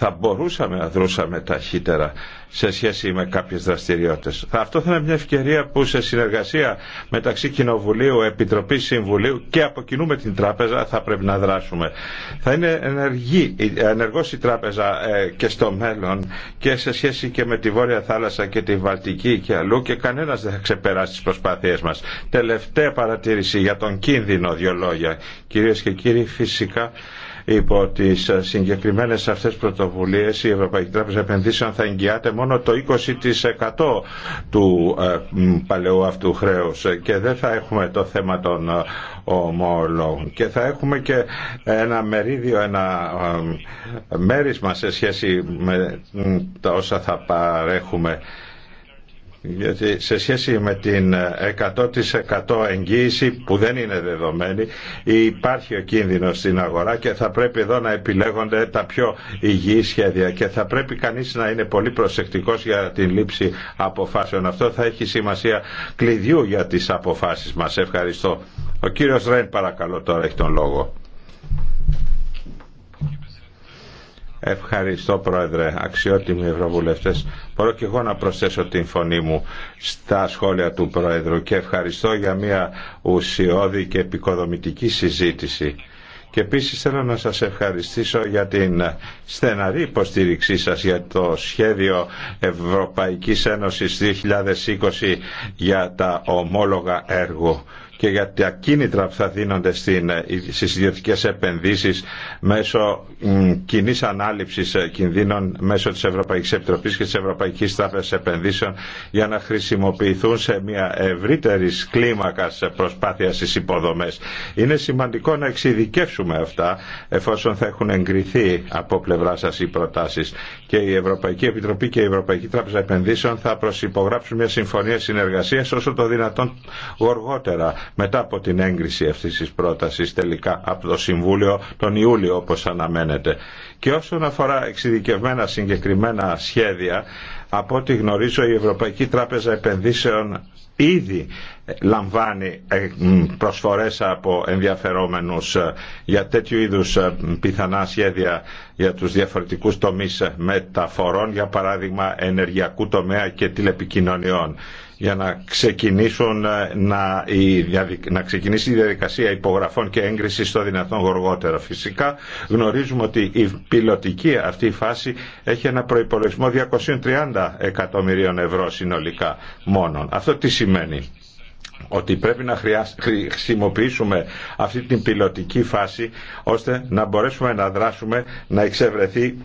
Speaker 6: θα μπορούσαμε να δρούσαμε ταχύτερα σε σχέση με κάποιες δραστηριότητες. Αυτό θα είναι μια ευκαιρία που σε συνεργασία μεταξύ Κοινοβουλίου, Επιτροπής Συμβουλίου και από κοινού με την Τράπεζα θα πρέπει να δράσουμε. Θα είναι ενεργή, ενεργός η Τράπεζα ε, και στο μέλλον και σε σχέση και με τη Βόρεια Θάλασσα και τη Βαλτική και αλλού και κανένας δεν θα ξεπεράσει τις προσπάθειές μας. Τελευταία παρατήρηση για τον κίνδυνο, δύο λόγια. Κυρίες και κύριοι, φυσικά υπό τις συγκεκριμένες αυτές πρωτοβουλίες η Ευρωπαϊκή Τράπεζα Επενδύσεων θα εγγυάται μόνο το 20% του ε, παλαιού αυτού χρέους και δεν θα έχουμε το θέμα των ε, ομόλογων και θα έχουμε και ένα μερίδιο, ένα ε, μέρισμα σε σχέση με τα όσα θα παρέχουμε γιατί σε σχέση με την 100% ε, εγγύηση που δεν είναι δεδομένη υπάρχει ο κίνδυνος στην αγορά και θα πρέπει εδώ να επιλέγονται τα πιο υγιή σχέδια και θα πρέπει κανείς να είναι πολύ προσεκτικός για την λήψη αποφάσεων. Αυτό θα έχει σημασία κλειδιού για τις αποφάσεις μας. Ευχαριστώ. Ο κύριος Ρέν παρακαλώ τώρα έχει τον λόγο. Ευχαριστώ Πρόεδρε, αξιότιμοι Ευρωβουλευτές. Μπορώ και εγώ να προσθέσω την φωνή μου στα σχόλια του Πρόεδρου και ευχαριστώ για μια ουσιώδη και επικοδομητική συζήτηση. Και επίση θέλω να σας ευχαριστήσω για την στεναρή υποστήριξή σας για το σχέδιο Ευρωπαϊκής Ένωσης 2020 για τα ομόλογα έργου και για τα κίνητρα που θα δίνονται στις ιδιωτικές επενδύσεις μέσω κοινή ανάληψης ε, κινδύνων μέσω της Ευρωπαϊκής Επιτροπής και της Ευρωπαϊκής Τράπεζας Επενδύσεων για να χρησιμοποιηθούν σε μια ευρύτερη κλίμακα προσπάθεια στις υποδομές. Είναι σημαντικό να εξειδικεύσουμε αυτά εφόσον θα έχουν εγκριθεί από πλευρά σας οι προτάσεις και η Ευρωπαϊκή Επιτροπή και η Ευρωπαϊκή Τράπεζα Επενδύσεων θα προσυπογράψουν μια συμφωνία συνεργασία όσο το δυνατόν γοργότερα μετά από την έγκριση αυτής της πρότασης τελικά από το Συμβούλιο τον Ιούλιο όπως αναμένεται. Και όσον αφορά εξειδικευμένα συγκεκριμένα σχέδια, από ό,τι γνωρίζω η Ευρωπαϊκή Τράπεζα Επενδύσεων ήδη ε, λαμβάνει ε, προσφορές από ενδιαφερόμενους ε, για τέτοιου είδους πιθανά σχέδια για τους διαφορετικούς τομείς μεταφορών, για παράδειγμα ενεργειακού τομέα και τηλεπικοινωνιών για να, ξεκινήσουν, ε, να, να ξεκινήσει η διαδικασία υπογραφών και έγκριση στο δυνατόν γοργότερο. Φυσικά γνωρίζουμε ότι η πιλωτική αυτή φάση έχει ένα προϋπολογισμό 230 εκατομμυρίων ευρώ συνολικά μόνον. Αυτό τι σημαίνει ότι πρέπει να χρησιμοποιήσουμε αυτή την πιλωτική φάση ώστε να μπορέσουμε να δράσουμε να εξευρεθεί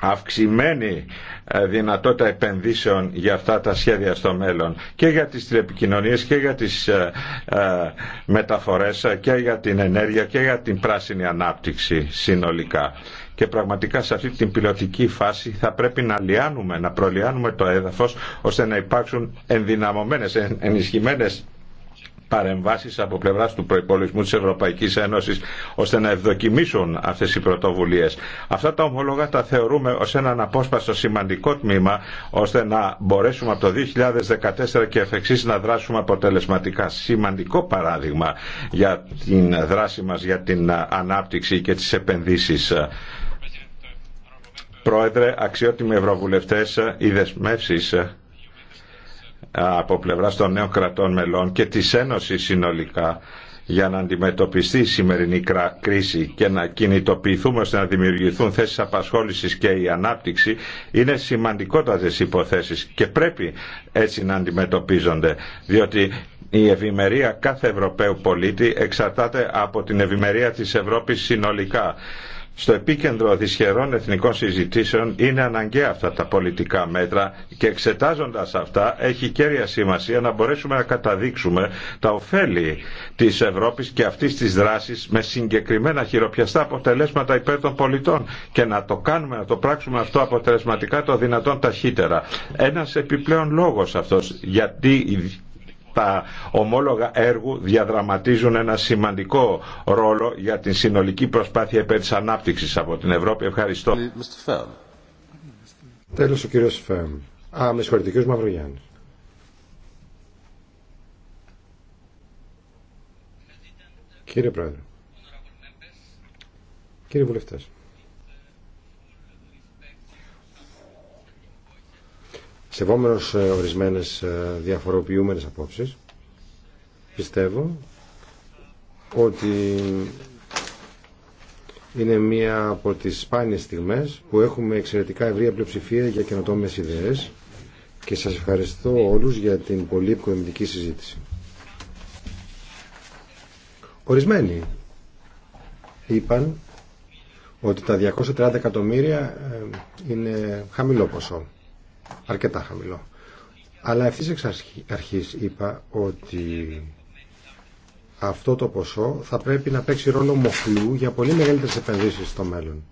Speaker 6: αυξημένη ε, δυνατότητα επενδύσεων για αυτά τα σχέδια στο μέλλον και για τις τηλεπικοινωνίες και για τις ε, ε, μεταφορές και για την ενέργεια και για την πράσινη ανάπτυξη συνολικά. Και πραγματικά σε αυτή την πιλωτική φάση θα πρέπει να λιάνουμε, να προλιάνουμε το έδαφος ώστε να υπάρξουν ενδυναμωμένες, ενισχυμένες παρεμβάσεις από πλευράς του προϋπολογισμού της Ευρωπαϊκής Ένωσης ώστε να ευδοκιμήσουν αυτές οι πρωτοβουλίες. Αυτά τα ομολογά τα θεωρούμε ως έναν απόσπαστο σημαντικό τμήμα ώστε να μπορέσουμε από το 2014 και εφεξής να δράσουμε αποτελεσματικά. Σημαντικό παράδειγμα για την δράση μας για την ανάπτυξη και τις επενδύσεις. Πρόεδρε, αξιότιμοι ευρωβουλευτές, οι δεσμεύσεις από πλευράς των νέων κρατών μελών και της Ένωση συνολικά για να αντιμετωπιστεί η σημερινή κρίση και να κινητοποιηθούμε ώστε να δημιουργηθούν θέσεις απασχόλησης και η ανάπτυξη είναι σημαντικότατες υποθέσεις και πρέπει έτσι να αντιμετωπίζονται διότι η ευημερία κάθε Ευρωπαίου πολίτη εξαρτάται από την ευημερία της Ευρώπης συνολικά στο επίκεντρο δυσχερών εθνικών συζητήσεων είναι αναγκαία αυτά τα πολιτικά μέτρα και εξετάζοντας αυτά έχει κέρια σημασία να μπορέσουμε να καταδείξουμε τα ωφέλη της Ευρώπης και αυτής της δράσης με συγκεκριμένα χειροπιαστά αποτελέσματα υπέρ των πολιτών και να το κάνουμε, να το πράξουμε αυτό αποτελεσματικά το δυνατόν ταχύτερα. Ένας επιπλέον λόγος αυτός γιατί τα ομόλογα έργου διαδραματίζουν ένα σημαντικό ρόλο για την συνολική προσπάθεια υπέρ της ανάπτυξης από την Ευρώπη. Ευχαριστώ.
Speaker 7: Τέλος ο κύριος Φέμ. Α, με συγχωρείτε, κύριος Μαυρογιάννης. Κύριε Πρόεδρε. Κύριε Βουλευτές. σεβόμενος ε, ορισμένες ε, διαφοροποιούμενες απόψεις πιστεύω ότι είναι μία από τις σπάνιες στιγμές που έχουμε εξαιρετικά ευρία πλειοψηφία για καινοτόμες ιδέες και σας ευχαριστώ όλους για την πολύ οικονομική συζήτηση. Ορισμένοι είπαν ότι τα 230 εκατομμύρια ε, είναι χαμηλό ποσό αρκετά χαμηλό. Αλλά ευθύ εξ αρχή είπα ότι αυτό το ποσό θα πρέπει να παίξει ρόλο μοχλού για πολύ μεγαλύτερε επενδύσει στο μέλλον.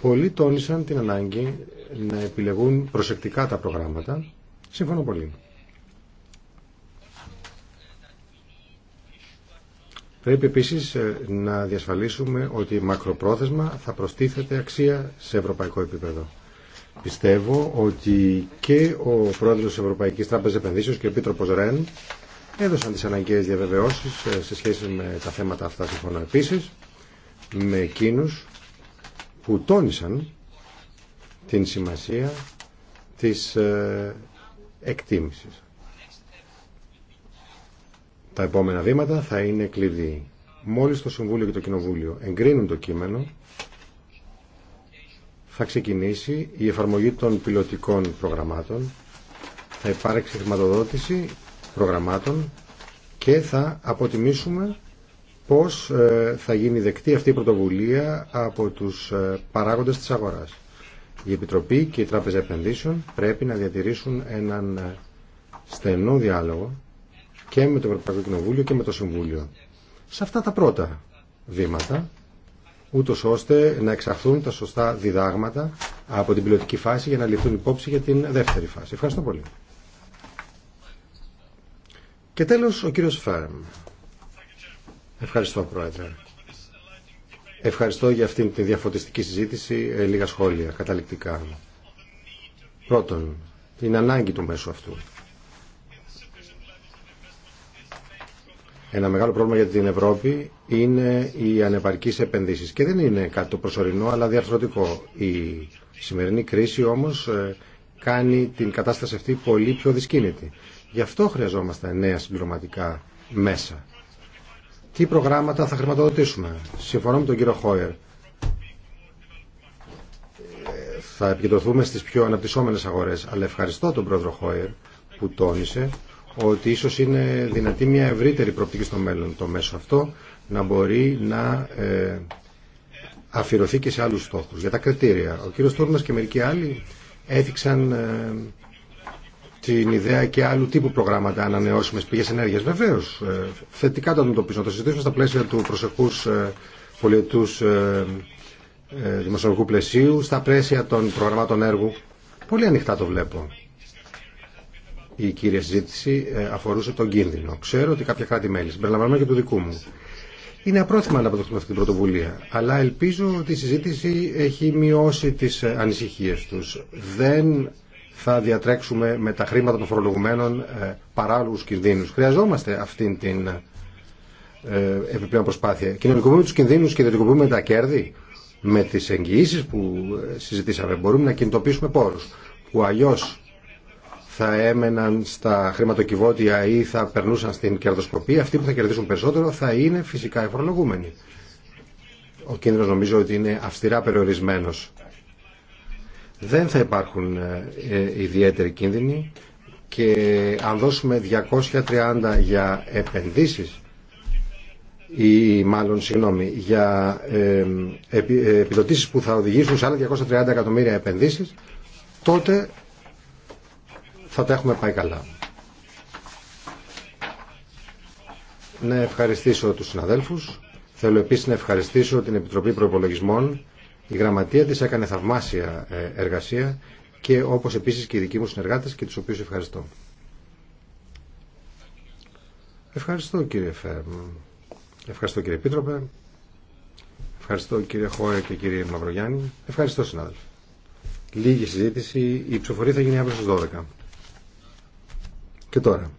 Speaker 7: Πολλοί τόνισαν την ανάγκη να επιλεγούν προσεκτικά τα προγράμματα. Σύμφωνο πολύ. Πρέπει επίσης ε, να διασφαλίσουμε ότι μακροπρόθεσμα θα προστίθεται αξία σε ευρωπαϊκό επίπεδο. Πιστεύω ότι και ο πρόεδρος τη Ευρωπαϊκής Τράπεζας Επενδύσεως και ο Επίτροπος Ρεν έδωσαν τις αναγκαίες διαβεβαιώσεις ε, σε σχέση με τα θέματα αυτά συμφωνώ επίσης με εκείνους που τόνισαν την σημασία της ε, εκτίμησης. Τα επόμενα βήματα θα είναι κλειδί. Μόλις το Συμβούλιο και το Κοινοβούλιο εγκρίνουν το κείμενο, θα ξεκινήσει η εφαρμογή των πιλωτικών προγραμμάτων, θα υπάρξει χρηματοδότηση προγραμμάτων και θα αποτιμήσουμε πώς ε, θα γίνει δεκτή αυτή η πρωτοβουλία από τους ε, παράγοντες της αγοράς. Η Επιτροπή και η Τράπεζα Επενδύσεων πρέπει να διατηρήσουν έναν ε, στενό διάλογο και με το Ευρωπαϊκό Κοινοβούλιο και με το Συμβούλιο. Σε αυτά τα πρώτα βήματα ούτω ώστε να εξαχθούν τα σωστά διδάγματα από την πιλωτική φάση για να ληφθούν υπόψη για την δεύτερη φάση. Ευχαριστώ πολύ. Και τέλος, ο κύριος Φέρμ. Ευχαριστώ, Πρόεδρε. Ευχαριστώ για αυτήν τη διαφωτιστική συζήτηση. Ε, λίγα σχόλια, καταληκτικά. Πρώτον, την ανάγκη του μέσου αυτού. Ένα μεγάλο πρόβλημα για την Ευρώπη είναι οι ανεπαρκείς επενδύσεις και δεν είναι κάτι το προσωρινό αλλά διαρθρωτικό. Η σημερινή κρίση όμως ε, κάνει την κατάσταση αυτή πολύ πιο δυσκίνητη. Γι' αυτό χρειαζόμαστε νέα συμπληρωματικά μέσα. Τι προγράμματα θα χρηματοδοτήσουμε. Συμφωνώ με τον κύριο Χόιερ. Ε, θα επικεντρωθούμε στις πιο αναπτυσσόμενες αγορές, αλλά ευχαριστώ τον πρόεδρο Χόιερ που τόνισε ότι ίσως είναι δυνατή μια ευρύτερη προοπτική στο μέλλον το μέσο αυτό να μπορεί να ε, αφιερωθεί και σε άλλους στόχους. Για τα κριτήρια, ο κύριος Τούρμας και μερικοί άλλοι έθιξαν ε, την ιδέα και άλλου τύπου προγράμματα ανανεώσιμες πηγές ενέργειας. Βεβαίως, ε, θετικά το αντιμετωπίζουμε. Το συζητήσουμε στα πλαίσια του προσεχούς ε, ε, δημοσιονομικού πλαισίου, στα πλαίσια των προγραμμάτων έργου. Πολύ ανοιχτά το βλέπω η κύρια συζήτηση ε, αφορούσε τον κίνδυνο. Ξέρω ότι κάποια κράτη-μέλη, συμπεριλαμβανομένου και του δικού μου, είναι απρόθυμα να αποδεχτούν αυτή την πρωτοβουλία. Αλλά ελπίζω ότι η συζήτηση έχει μειώσει τι ε, ανησυχίε του. Δεν θα διατρέξουμε με τα χρήματα των φορολογουμένων ε, παράλογου κινδύνου. Χρειαζόμαστε αυτή την επιπλέον προσπάθεια. Κοινωνικοποιούμε του κινδύνου και ιδιωτικοποιούμε τα κέρδη. Με τι εγγυήσει που συζητήσαμε μπορούμε να κινητοποιήσουμε πόρου που αλλιώ θα έμεναν στα χρηματοκιβώτια ή θα περνούσαν στην κερδοσκοπία, αυτοί που θα κερδίσουν περισσότερο θα είναι φυσικά φορολογούμενοι. Ο κίνδυνος νομίζω ότι είναι αυστηρά περιορισμένος. Δεν θα υπάρχουν ε, ε, ιδιαίτεροι κίνδυνοι και αν δώσουμε 230 για επενδύσεις ή μάλλον συγγνώμη, για ε, ε επιδοτήσεις που θα οδηγήσουν σε άλλα 230 εκατομμύρια επενδύσεις τότε θα τα έχουμε πάει καλά. Να ευχαριστήσω τους συναδέλφους. Θέλω επίσης να ευχαριστήσω την Επιτροπή Προπολογισμών. Η γραμματεία της έκανε θαυμάσια ε, εργασία και όπως επίσης και οι δικοί μου συνεργάτες και τους οποίους ευχαριστώ. Ευχαριστώ κύριε Φέρμ. Ευχαριστώ κύριε Επίτροπε. Ευχαριστώ κύριε Χόε και κύριε Μαυρογιάννη. Ευχαριστώ συνάδελφοι. Λίγη συζήτηση. Η ψηφοφορία θα γίνει αύριο στις 12.
Speaker 1: Και τώρα.